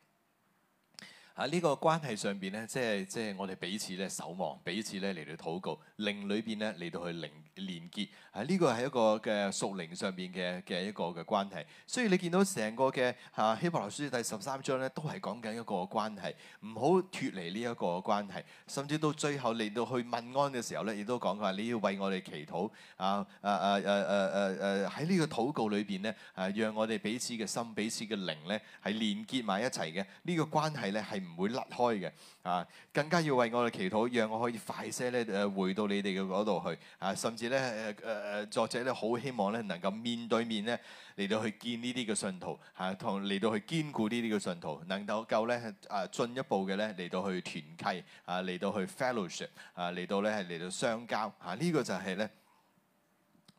啊！呢個關係上邊咧，即係即係我哋彼此咧守望，彼此咧嚟到禱告，靈裏邊咧嚟到去靈連結。啊！呢個係一個嘅屬靈上邊嘅嘅一個嘅關係。所以你見到成個嘅啊希伯來書第十三章咧，都係講緊一個關係，唔好脱離呢一個關係。甚至到最後嚟到去問安嘅時候咧，亦都講過話你要為我哋祈禱。啊啊啊啊啊啊啊！喺呢個禱告裏邊咧，啊，啊，啊，啊，啊讓我哋彼此嘅心、彼此嘅靈咧係連結埋一齊嘅。呢個關係咧係。唔會甩開嘅，啊，更加要為我哋祈禱，讓我可以快些咧誒回到你哋嘅嗰度去，啊，甚至咧誒誒作者咧好希望咧能夠面對面咧嚟到去見呢啲嘅信徒，嚇同嚟到去堅固呢啲嘅信徒，能夠夠咧啊進一步嘅咧嚟到去團契，啊嚟到去 fellowship，啊嚟到咧係嚟到相交，嚇、啊、呢、呢個就係咧。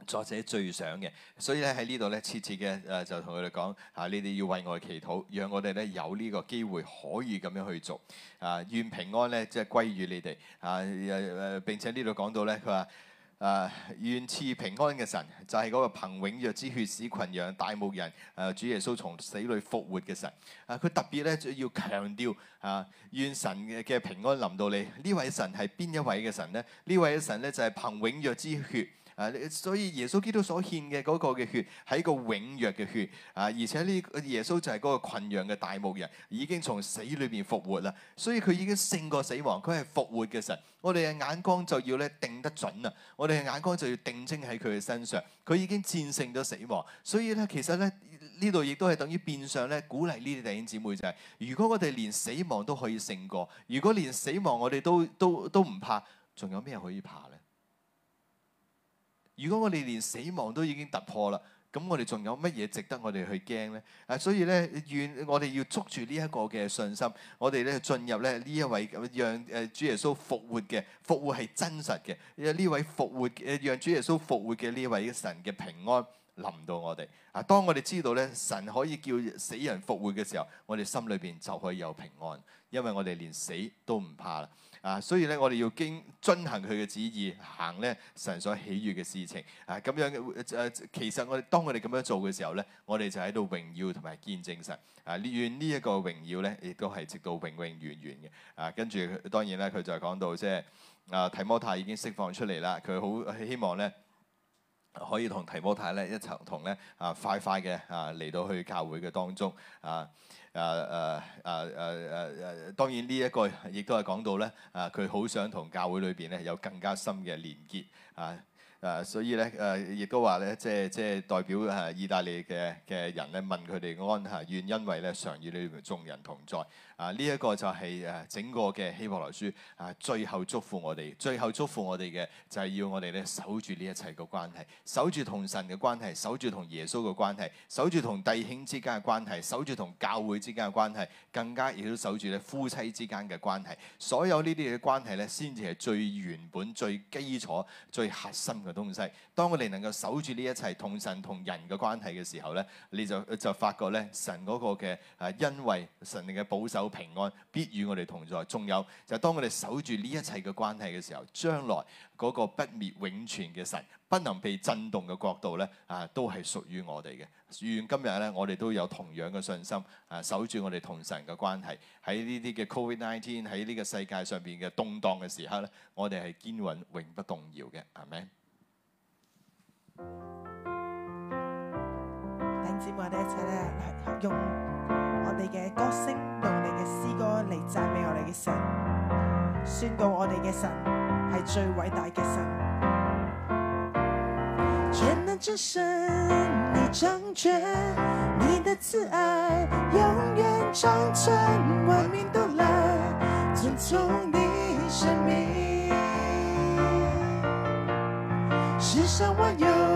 作者最想嘅，所以咧喺呢度咧，切切嘅誒就同佢哋講嚇，你哋要為我祈禱，讓我哋咧有呢個機會可以咁樣去做啊！願、呃、平安咧即係歸於你哋啊誒誒！並且呢度講到咧，佢話誒願賜平安嘅神，就係、是、嗰個憑永約之血使群羊大牧人誒、啊、主耶穌從死裏復活嘅神啊！佢特別咧要強調啊，願神嘅平安臨到你。呢位神係邊一位嘅神咧？呢位神咧就係、是、憑永約之血。啊！所以耶穌基督所獻嘅嗰個嘅血係一個永約嘅血啊！而且呢，耶穌就係嗰個羣羊嘅大牧人，已經從死裏邊復活啦。所以佢已經勝過死亡，佢係復活嘅神。我哋嘅眼光就要咧定得準啊！我哋嘅眼光就要定睛喺佢嘅身上，佢已經戰勝咗死亡。所以咧，其實咧呢度亦都係等於變相咧鼓勵呢啲弟兄姊妹就係：如果我哋連死亡都可以勝過，如果連死亡我哋都都都唔怕，仲有咩可以怕咧？如果我哋連死亡都已經突破啦，咁我哋仲有乜嘢值得我哋去驚咧？啊，所以咧，願我哋要捉住呢一個嘅信心，我哋咧進入咧呢一位讓誒主耶穌復活嘅復活係真實嘅，呢位復活誒讓主耶穌復活嘅呢位，位神嘅平安臨到我哋。啊，當我哋知道咧神可以叫死人復活嘅時候，我哋心裏邊就可以有平安，因為我哋連死都唔怕啦。啊，所以咧，我哋要經遵行佢嘅旨意，行咧神所喜悅嘅事情。啊，咁樣嘅誒、啊，其實我哋當我哋咁樣做嘅時候咧，我哋就喺度榮耀同埋見證神。啊，願呢一個榮耀咧，亦都係直到永永遠遠嘅。啊，跟住當然咧，佢就講到即係啊，提摩太已經釋放出嚟啦，佢好希望咧可以同提摩太咧一齊同咧啊快快嘅啊嚟到去教會嘅當中啊。誒誒誒誒誒誒，當然呢一個亦都係講到咧，誒佢好想同教會裏邊咧有更加深嘅連結，啊啊，所以咧誒亦都話咧，即係即係代表誒意大利嘅嘅人咧問佢哋安嚇，願因為咧常與你們眾人同在。啊！呢、這、一個就係誒整個嘅希伯來書啊，最後祝福我哋，最後祝福我哋嘅就係、是、要我哋咧守住呢一切嘅關係，守住同神嘅關係，守住同耶穌嘅關係，守住同弟兄之間嘅關係，守住同教會之間嘅關係，更加亦都守住咧夫妻之間嘅關係，所有呢啲嘅關係咧，先至係最原本、最基礎、最核心嘅東西。當我哋能夠守住呢一切同神同人嘅關係嘅時候咧，你就就發覺咧神嗰個嘅誒、啊，因為神嘅保守。平安必與我哋同在，仲有就係當我哋守住呢一切嘅關係嘅時候，將來嗰個不滅永存嘅神，不能被震動嘅國度咧，啊，都係屬於我哋嘅。願今日咧，我哋都有同樣嘅信心，啊，守住我哋同神嘅關係，喺呢啲嘅 Covid Nineteen 喺呢個世界上邊嘅動盪嘅時刻咧，我哋係堅穩永不動搖嘅，阿們。等我哋一齊咧，我哋嘅歌聲用你嘅詩歌嚟讚美我哋嘅神，宣告我哋嘅神係最偉大嘅神。全能之神，你掌權，你的慈愛永遠長存，萬民都來遵從你神命。世上萬有。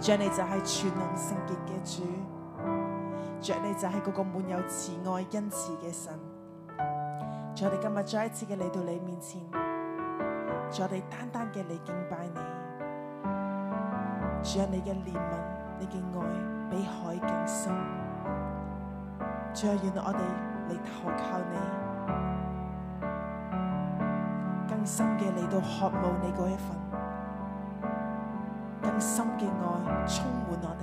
將你就係全能聖潔嘅主，將你就係嗰個滿有慈愛恩慈嘅神。在我哋今日再一次嘅嚟到你面前，在我哋單單嘅嚟敬拜你，將你嘅憐憫你嘅愛比海更深。主啊，願我哋嚟投靠你，更深嘅嚟到渴慕你嗰一份。更深嘅愛充，充滿我哋。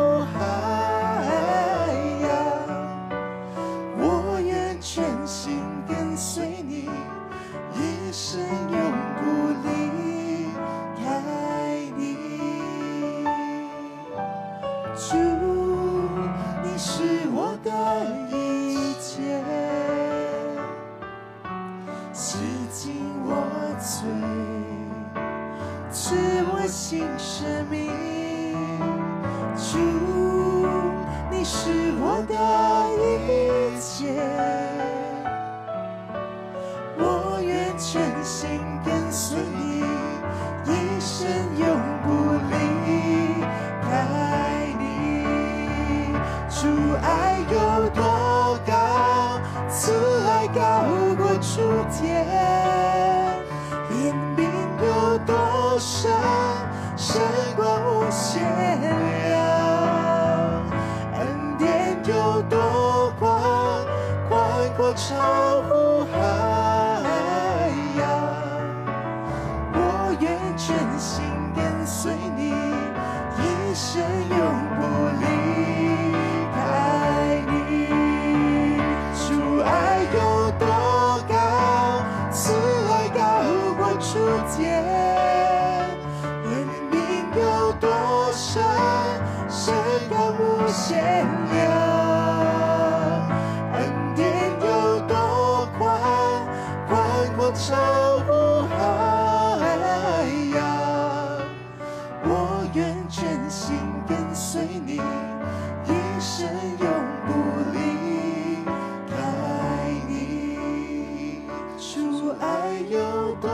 愛有多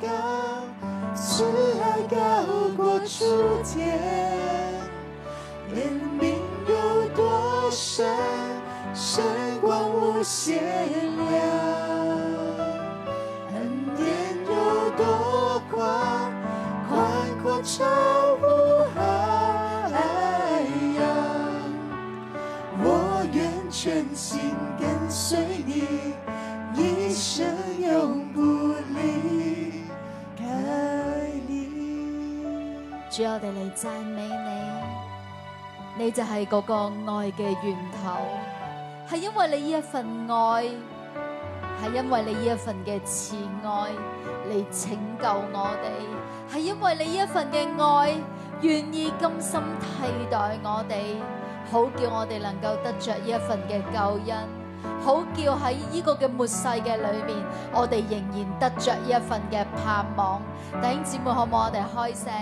高，慈愛高過諸天；憐憫有多深，神光無限量。恩典有多寬，寬闊長。主，我哋嚟讚美你，你就係個愛嘅源頭，係因為你呢一份愛，係因為你呢一份嘅慈愛嚟拯救我哋，係因為你呢一份嘅愛，願意甘心替代我哋，好叫我哋能夠得着呢一份嘅救恩。好叫喺呢個嘅末世嘅裏面，我哋仍然得着呢一份嘅盼望。弟兄姊妹，可唔可以我哋開聲？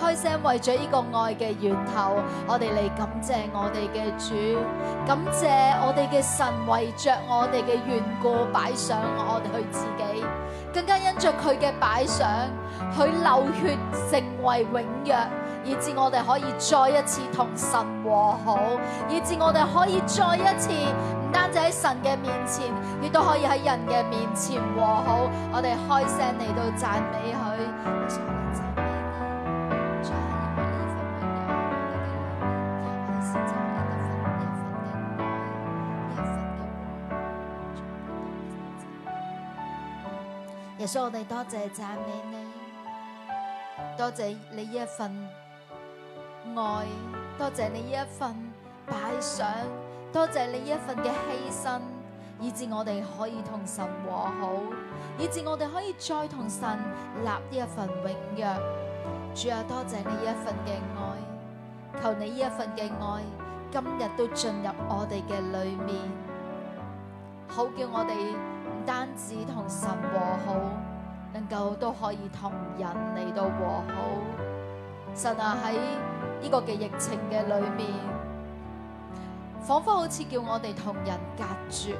開聲為咗呢個愛嘅源頭，我哋嚟感謝我哋嘅主，感謝我哋嘅神，為着我哋嘅緣故擺上我哋去自己，更加因着佢嘅擺上，佢流血成為永約。以至我哋可以再一次同神和好，以至我哋可以再一次唔單止喺神嘅面前，亦都可以喺人嘅面前和好。我哋開聲嚟到讚美佢，耶穌，我哋多謝，謝讚美你，多謝，謝你一份。愛，多謝你呢一份擺上，多謝你呢一份嘅犧牲，以致我哋可以同神和好，以致我哋可以再同神立呢一份永約。主啊，多謝你呢一份嘅愛，求你呢一份嘅愛今日都進入我哋嘅裏面，好叫我哋唔單止同神和好，能夠都可以同人嚟到和好。神啊喺。呢個嘅疫情嘅裏面，仿佛好似叫我哋同人隔絕，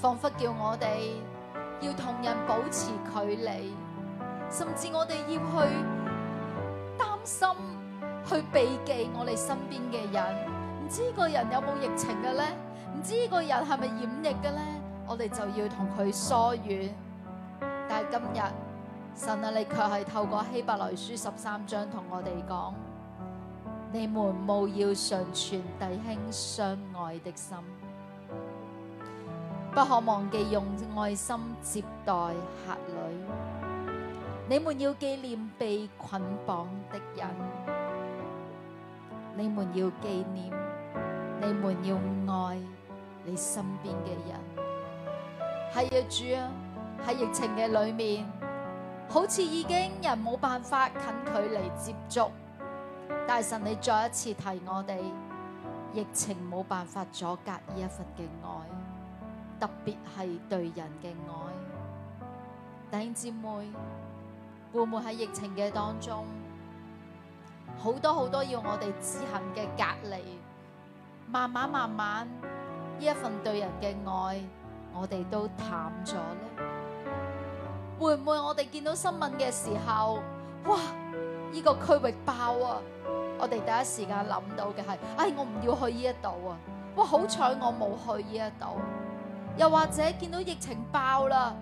仿佛叫我哋要同人保持距離，甚至我哋要去擔心去避忌我哋身邊嘅人，唔知個人有冇疫情嘅咧？唔知個人係咪染疫嘅咧？我哋就要同佢疏遠。但係今日神啊，你卻係透過希伯來書十三章同我哋講。你們務要常存弟兄相愛的心，不可忘記用愛心接待客旅。你們要紀念被捆綁的人，你們要紀念，你們要愛你身邊嘅人。係啊，主啊！喺疫情嘅裏面，好似已經人冇辦法近距離接觸。大神，你再一次提我哋，疫情冇辦法阻隔呢一份嘅愛，特別係對人嘅愛。弟兄姊妹，會唔會喺疫情嘅當中，好多好多要我哋執行嘅隔離，慢慢慢慢，呢一份對人嘅愛，我哋都淡咗咧？會唔會我哋見到新聞嘅時候，哇！呢個區域爆啊！我哋第一時間諗到嘅係，唉、哎，我唔要去呢一度啊！哇，好彩我冇去呢一度。又或者見到疫情爆啦，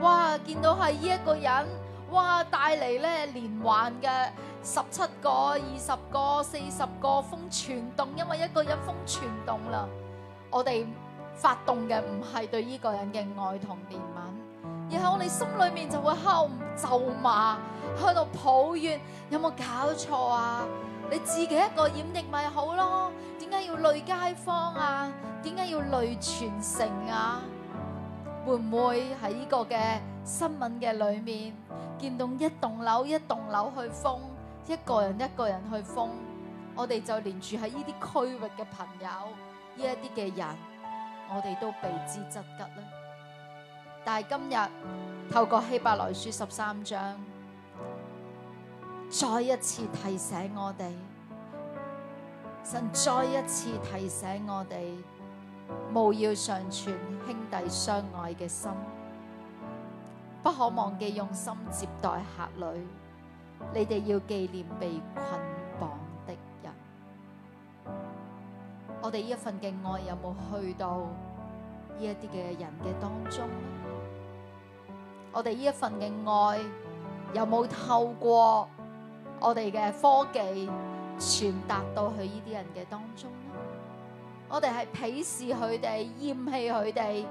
哇，見到係呢一個人，哇，帶嚟咧連環嘅十七個、二十個、四十個風傳動，因為一個人風傳動啦。我哋發動嘅唔係對呢個人嘅愛同憐憫，然後我哋心裡面就會敲咒罵，喺度抱怨，有冇搞錯啊？你自己一個染疫咪好咯？點解要累街坊啊？點解要累全城啊？會唔會喺呢個嘅新聞嘅裏面見到一棟樓一棟樓去封，一個人一個人去封？我哋就連住喺呢啲區域嘅朋友，呢一啲嘅人，我哋都避之則吉呢。但係今日透過希伯來書十三章。再一次提醒我哋，神再一次提醒我哋，務要常存兄弟相愛嘅心，不可忘記用心接待客旅。你哋要紀念被捆綁的人。我哋呢一份嘅愛有冇去到呢一啲嘅人嘅當中咧？我哋呢一份嘅愛有冇透過？我哋嘅科技傳達到去呢啲人嘅當中呢，我哋係鄙視佢哋、厭棄佢哋，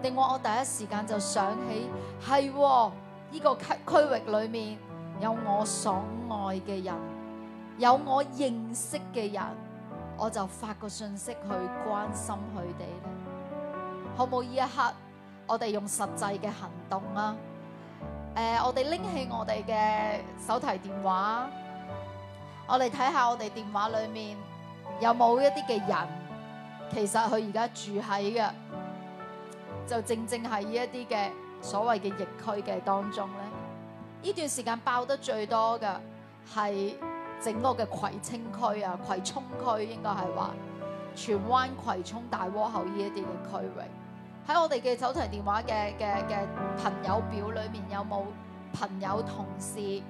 定話我第一時間就想起係喎，呢個區域裏面有我所愛嘅人，有我認識嘅人，我就發個信息去關心佢哋咧。好唔好，呢一刻，我哋用實際嘅行動啊！誒、呃，我哋拎起我哋嘅手提電話，我哋睇下我哋電話裡面有冇一啲嘅人，其實佢而家住喺嘅，就正正係呢一啲嘅所謂嘅疫區嘅當中咧。呢段時間爆得最多嘅係整個嘅葵青區啊、葵涌區，應該係話荃灣葵涌大窩口呢一啲嘅區域。喺我哋嘅手提電話嘅嘅嘅朋友表裏面，有冇朋友同事、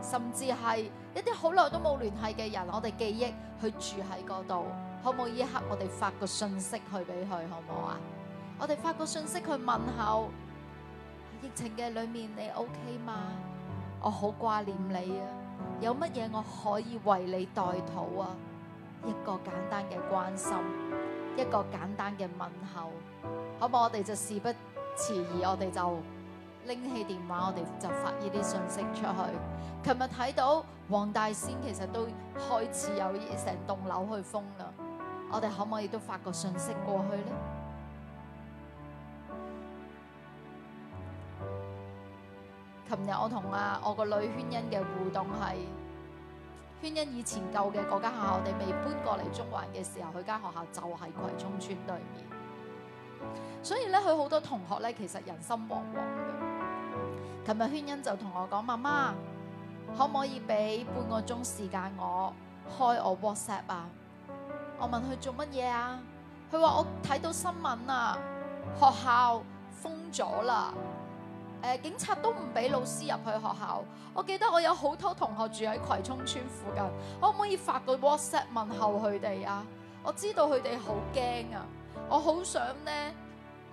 甚至係一啲好耐都冇聯繫嘅人，我哋記憶去住喺嗰度，可唔可以一刻我哋發個信息去俾佢，好唔好啊？我哋發個信息去問候，疫情嘅裏面你 OK 嗎？我好掛念你啊！有乜嘢我可以為你代禱啊？一個簡單嘅關心，一個簡單嘅問候。好唔好？我哋就事不宜遲，我哋就拎起電話，我哋就發呢啲信息出去。琴日睇到黃大仙其實都開始有成棟樓去封啦，我哋可唔可以都發個信息過去咧？琴日我同啊我個女軒恩嘅互動係，軒恩以前舊嘅嗰間學校，我哋未搬過嚟中環嘅時候，佢間學校就喺葵涌村對面。所以咧，佢好多同學咧，其實人心惶惶嘅。琴日軒欣就同我講：媽媽，可唔可以俾半個鐘時間我開我 WhatsApp 啊？我問佢做乜嘢啊？佢話，我睇到新聞啊，學校封咗啦，誒，警察,都唔俾老師入去學校。我記得我有好多同學住喺葵涌村附近，可唔可以發個 WhatsApp 問候佢哋啊？我知道佢哋好驚啊。我好想呢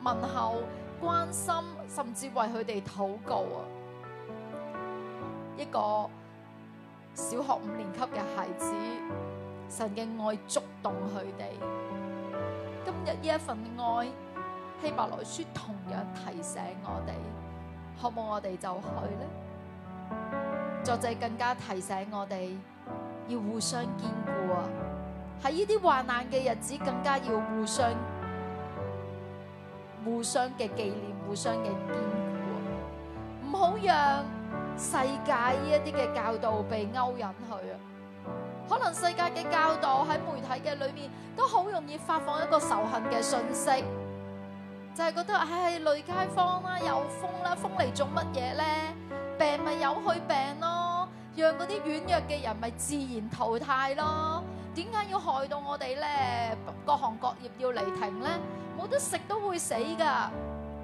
問候、關心，甚至為佢哋禱告啊！一個小學五年級嘅孩子，神嘅愛觸動佢哋。今日呢一份愛，希伯來書同樣提醒我哋，可唔可以我哋就去呢？作者更加提醒我哋要互相堅固啊！喺呢啲患難嘅日子，更加要互相。互相嘅紀念，互相嘅堅固，唔好讓世界呢一啲嘅教導被勾引去啊！可能世界嘅教導喺媒體嘅裏面都好容易發放一個仇恨嘅訊息，就係、是、覺得唉，累、哎、街坊啦，有風啦，風嚟做乜嘢咧？病咪有佢病咯，讓嗰啲軟弱嘅人咪自然淘汰咯。點解要害到我哋咧？各行各業要離停咧，冇得食都會死噶。呢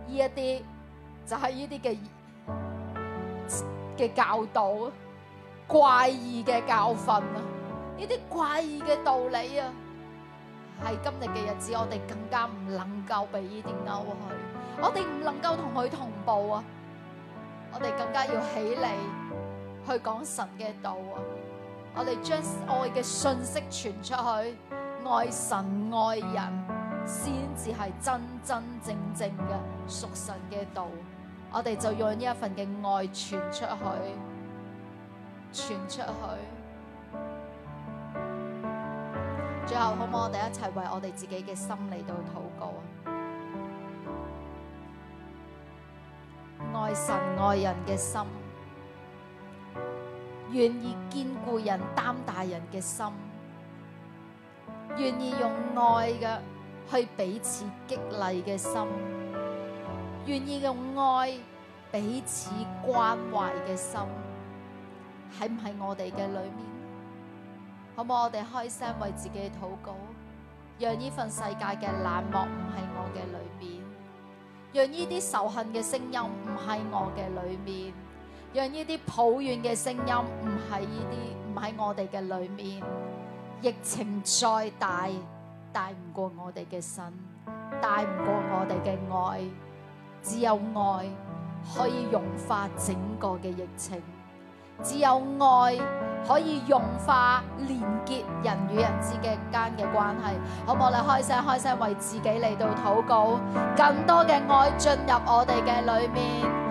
一啲就係呢啲嘅嘅教導，怪異嘅教訓啊！呢啲怪異嘅道理啊，係今日嘅日子，我哋更加唔能夠俾呢啲勾去，我哋唔能夠同佢同步啊！我哋更加要起嚟去講神嘅道啊！我哋將愛嘅信息傳出去，愛神愛人，先至係真真正正嘅屬神嘅道。我哋就用呢一份嘅愛傳出去，傳出去。最後，可唔可以我哋一齊為我哋自己嘅心嚟到禱告啊？愛神愛人嘅心。願意堅固人擔大人嘅心，願意用愛嘅去彼此激勵嘅心，願意用愛彼此關懷嘅心，喺唔喺我哋嘅裏面？好唔好我哋開聲為自己禱告，讓呢份世界嘅冷漠唔係我嘅裏面，讓呢啲仇恨嘅聲音唔係我嘅裏面。讓呢啲抱怨嘅聲音唔喺呢啲唔喺我哋嘅裏面，疫情再大大唔過我哋嘅身，大唔過我哋嘅愛，只有愛可以融化整個嘅疫情，只有愛可以融化連結人與人之間嘅關係，好唔好啊？我哋開聲開聲為自己嚟到禱告，更多嘅愛進入我哋嘅裏面。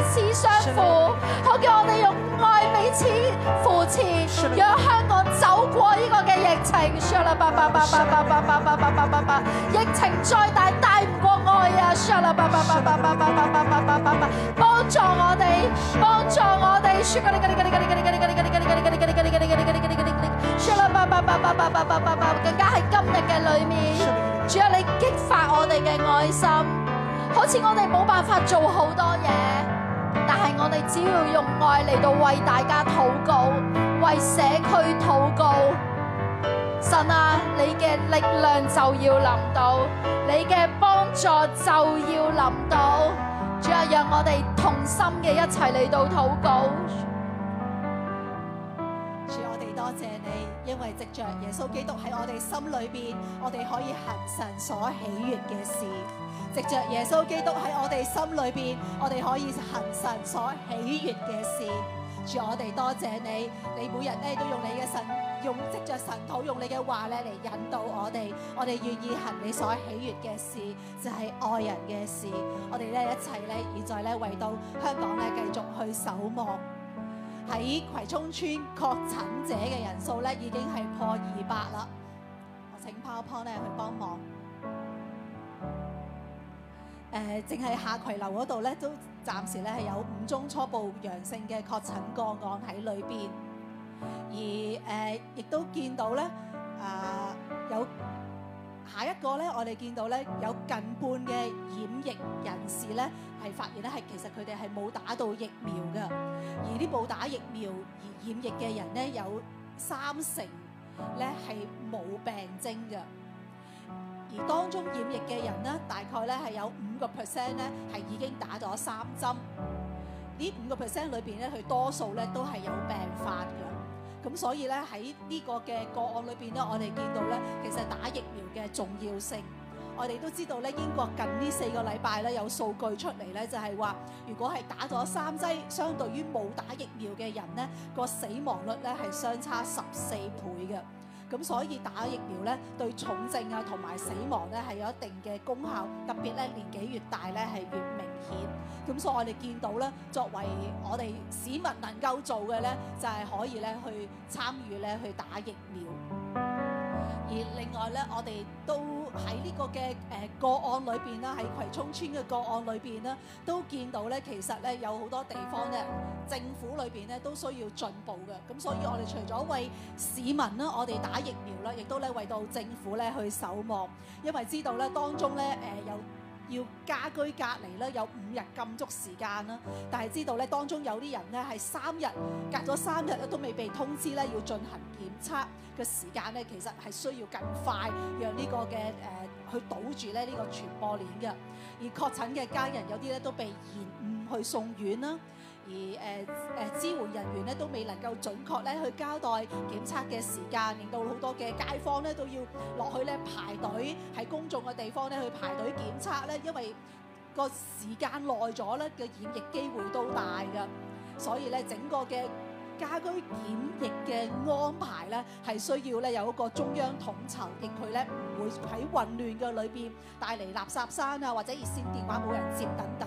彼此相扶，好叫我哋用愛彼此扶持，讓香港走過呢個嘅疫情。s 疫情再大，大唔過愛啊。s 幫助我哋，幫助我哋。更加喺今日嘅裏面，主要你激發我哋嘅愛心，好似我哋冇辦法做好多嘢。但係我哋只要用愛嚟到為大家禱告，為社區禱告。神啊，你嘅力量就要臨到，你嘅幫助就要臨到。主要讓我哋同心嘅一齊嚟到禱告。主，我哋多謝你，因為藉着耶穌基督喺我哋心裏邊，我哋可以行神所喜悦嘅事。藉着耶穌基督喺我哋心裏邊，我哋可以行神所喜悅嘅事。主，我哋多謝你，你每日咧都用你嘅神，用藉着神土，用你嘅話咧嚟引導我哋，我哋願意行你所喜悅嘅事，就係愛人嘅事。我哋咧一齊咧，現在咧為到香港咧繼續去守望。喺葵涌村確診者嘅人數咧已經係破二百啦。我請泡泡咧去幫忙。誒，淨係、呃、下葵樓嗰度咧，都暫時咧係有五宗初步陽性嘅確診個案喺裏邊，而誒亦、呃、都見到咧，啊、呃、有下一個咧，我哋見到咧有近半嘅染疫人士咧係發現咧係其實佢哋係冇打到疫苗嘅，而啲冇打疫苗而染疫嘅人咧有三成咧係冇病徵嘅。而當中染疫嘅人呢，大概咧係有五個 percent 咧，係已經打咗三針。呢五個 percent 裏邊咧，佢多數咧都係有病發嘅。咁所以咧喺呢個嘅個案裏邊咧，我哋見到咧，其實打疫苗嘅重要性，我哋都知道咧，英國近呢四個禮拜咧有數據出嚟咧，就係話如果係打咗三劑，相對於冇打疫苗嘅人咧，個死亡率咧係相差十四倍嘅。咁所以打疫苗咧，對重症啊同埋死亡咧係有一定嘅功效，特別咧年紀越大咧係越明顯。咁所以我哋見到咧，作為我哋市民能夠做嘅咧，就係可以咧去參與咧去打疫苗。而另外咧，我哋都喺呢個嘅誒、呃、個案裏邊啦，喺葵涌村嘅個案裏邊呢，都見到咧，其實咧有好多地方咧政府裏邊咧都需要進步嘅。咁所以，我哋除咗為市民啦，我哋打疫苗啦，亦都咧為到政府咧去守望，因為知道咧當中咧誒、呃、有。要家居隔離啦，有五日禁足時間啦，但係知道咧，當中有啲人咧係三日隔咗三日咧都未被通知咧要進行檢測嘅時間咧，其實係需要更快讓，讓呢個嘅誒去堵住咧呢個傳播鏈嘅。而確診嘅家人有啲咧都被延誤去送院啦。而誒誒支援人員咧都未能夠準確咧去交代檢測嘅時間，令到好多嘅街坊咧都要落去咧排隊喺公眾嘅地方咧去排隊檢測咧，因為個時間耐咗咧嘅檢疫機會都大㗎，所以咧整個嘅家居檢疫嘅安排咧係需要咧有一個中央統籌，令佢咧唔會喺混亂嘅裏邊帶嚟垃圾山啊，或者熱線電話冇人接等等。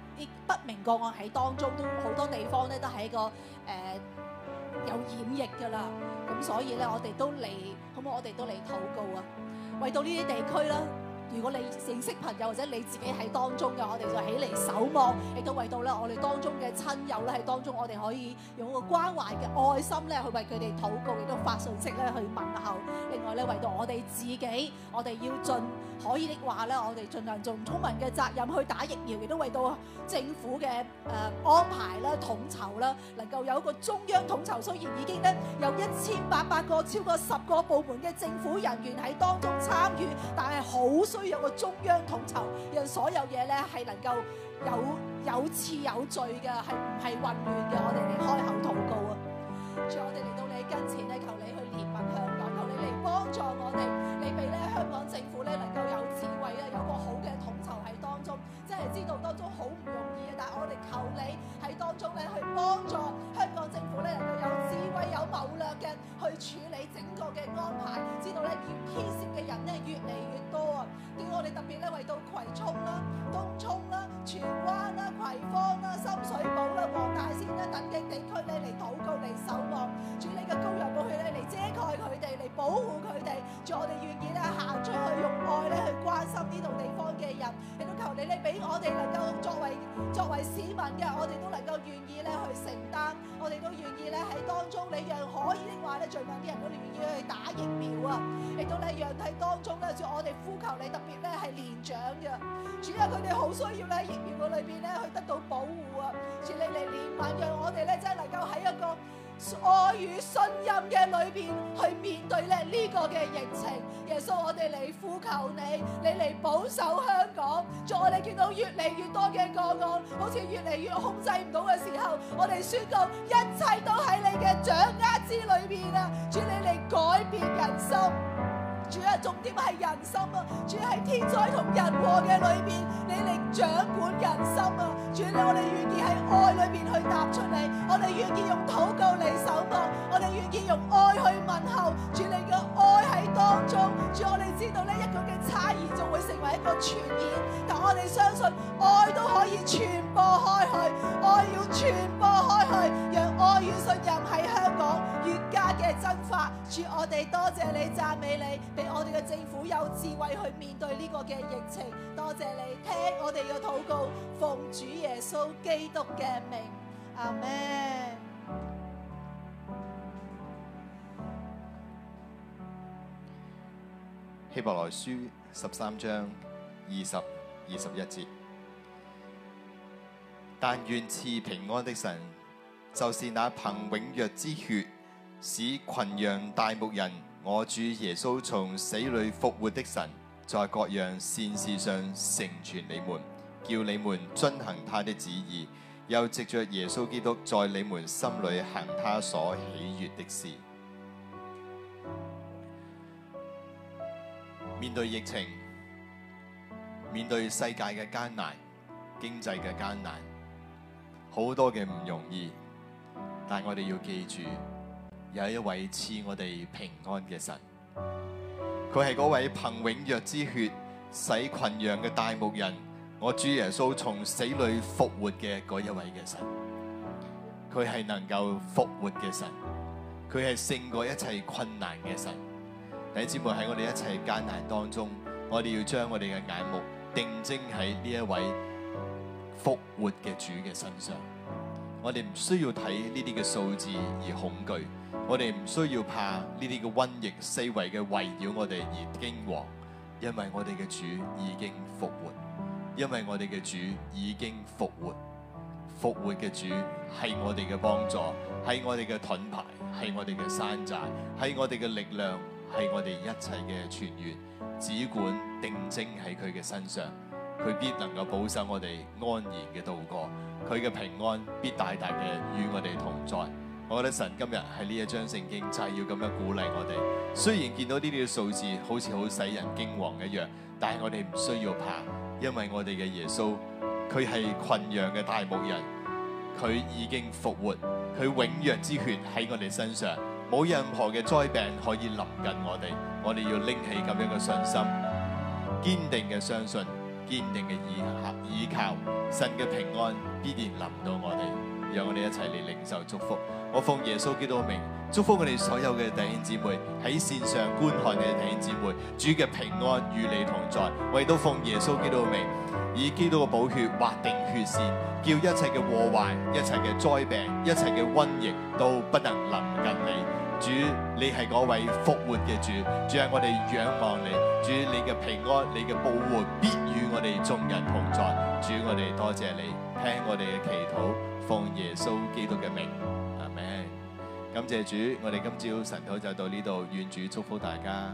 啲不明個案喺當中都好多地方咧都係個誒、呃、有掩飾㗎啦，咁所以咧我哋都嚟，好唔好？我哋都嚟禱告啊，為到呢啲地區啦。如果你認識朋友或者你自己係當中嘅，我哋就起嚟守望，亦都為到咧我哋當中嘅親友咧係當中，我哋可以用一個關懷嘅愛心咧去為佢哋禱告，亦都發信息咧去問候。另外咧為到我哋自己，我哋要盡可以的話咧，我哋盡量做公民嘅責任去打疫苗，亦都為到政府嘅誒、呃、安排啦、統籌啦，能夠有一個中央統籌，雖然已經咧有一千八百個超過十個部門嘅政府人員喺當中參與，但係好都有個中央統籌，讓所有嘢咧係能夠有有次有序嘅，係唔係混亂嘅？我哋嚟開口禱告啊！我哋嚟到你跟前咧，求你去憐憫香港，求你嚟幫助我哋，你俾咧香港政府咧能夠有智慧啊，有個好嘅統籌喺當中，即係知道當中好唔容易啊！但係我哋求你喺當中咧去幫助香港政府咧，能夠有。謀略嘅去處理整個嘅安排，知道咧要牽涉嘅人咧越嚟越多啊！叫我哋特別咧為到葵涌啦、東涌啦、荃灣啦、葵芳啦、深水埗啦、黃大仙啦等嘅地區咧嚟禱告嚟守望，處理嘅高人武器咧嚟遮蓋佢哋嚟保護佢哋，叫我哋願意咧行出去用愛咧去關心呢度地方嘅人，亦都求你咧俾我哋能夠作為作為市民嘅我哋都能夠願意咧去承擔，我哋都願意咧喺當中你。可以的話，咧，最近啲人都願意去打疫苗啊！嚟到你樣體當中咧，我哋呼求你特別咧係年長嘅，主要佢哋好需要咧疫苗個裏邊咧去得到保護啊！似你嚟年晚讓我哋咧真係能夠喺一個。愛與信任嘅裏邊去面對咧，呢個嘅疫情，耶穌，我哋嚟呼求你，你嚟保守香港。在我哋見到越嚟越多嘅個案，好似越嚟越控制唔到嘅時候，我哋宣告，一切都喺你嘅掌握之裏邊啊！主，你嚟改變人心。主啊，重點係人心啊！主喺天災同人禍嘅裏邊，你嚟掌管人心啊！主，喺我哋願意喺愛裏邊去踏出嚟，我哋願意用禱告嚟守望，我哋願意用愛去問候，主，你嘅愛喺當中，主，我哋知道呢一個嘅差異仲會成為一個傳染，但我哋相信愛都可以傳播開去，愛要傳播開去，讓愛與信任喺香港越加嘅真法。主，我哋多謝你，讚美你。畀我哋嘅政府有智慧去面對呢個嘅疫情，多謝你聽我哋嘅禱告，奉主耶穌基督嘅名，阿門。希伯來書十三章二十，二十一節，但願賜平安的神，就是那憑永約之血使群羊大牧人，我主耶穌從死裏復活的神，在各樣善事上成全你們，叫你們遵行他的旨意，又藉着耶穌基督在你們心裏行他所喜悦的事。面對疫情，面對世界嘅艱難，經濟嘅艱難，好多嘅唔容易，但我哋要記住。有一位賜我哋平安嘅神，佢係嗰位憑永約之血使群羊嘅大牧人，我主耶穌從死裏復活嘅嗰一位嘅神，佢係能夠復活嘅神，佢係勝過一切困難嘅神。弟兄姊妹，喺我哋一切艱難當中，我哋要將我哋嘅眼目定睛喺呢一位復活嘅主嘅身上。我哋唔需要睇呢啲嘅數字而恐懼。我哋唔需要怕呢啲嘅瘟疫四圍嘅圍繞我哋而驚惶，因為我哋嘅主已經復活，因為我哋嘅主已經復活。復活嘅主係我哋嘅幫助，係我哋嘅盾牌，係我哋嘅山寨，係我哋嘅力量，係我哋一切嘅泉源。只管定睛喺佢嘅身上，佢必能夠保守我哋安然嘅度過，佢嘅平安必大大嘅與我哋同在。我覺得神今日喺呢一章聖經就係要咁樣鼓勵我哋。雖然見到呢啲數字好似好使人驚惶一樣，但係我哋唔需要怕，因為我哋嘅耶穌佢係羣羊嘅大牧人，佢已經復活，佢永約之血喺我哋身上，冇任何嘅災病可以臨近我哋。我哋要拎起咁樣嘅信心，堅定嘅相信，堅定嘅倚靠倚靠神嘅平安必然臨到我哋。讓我哋一齊嚟領受祝福。我奉耶穌基督嘅名，祝福我哋所有嘅弟兄姊妹喺線上觀看嘅弟兄姊妹。主嘅平安與你同在，我亦都奉耶穌基督嘅名，以基督嘅寶血劃定血線，叫一切嘅禍患、一切嘅災病、一切嘅瘟疫都不能臨近你。主，你係嗰位復活嘅主，主，係我哋仰望你。主，你嘅平安、你嘅保護必與我哋眾人同在。主，我哋多謝你聽我哋嘅祈禱，奉耶穌基督嘅名。感謝主，我哋今朝神台就到呢度，願主祝福大家。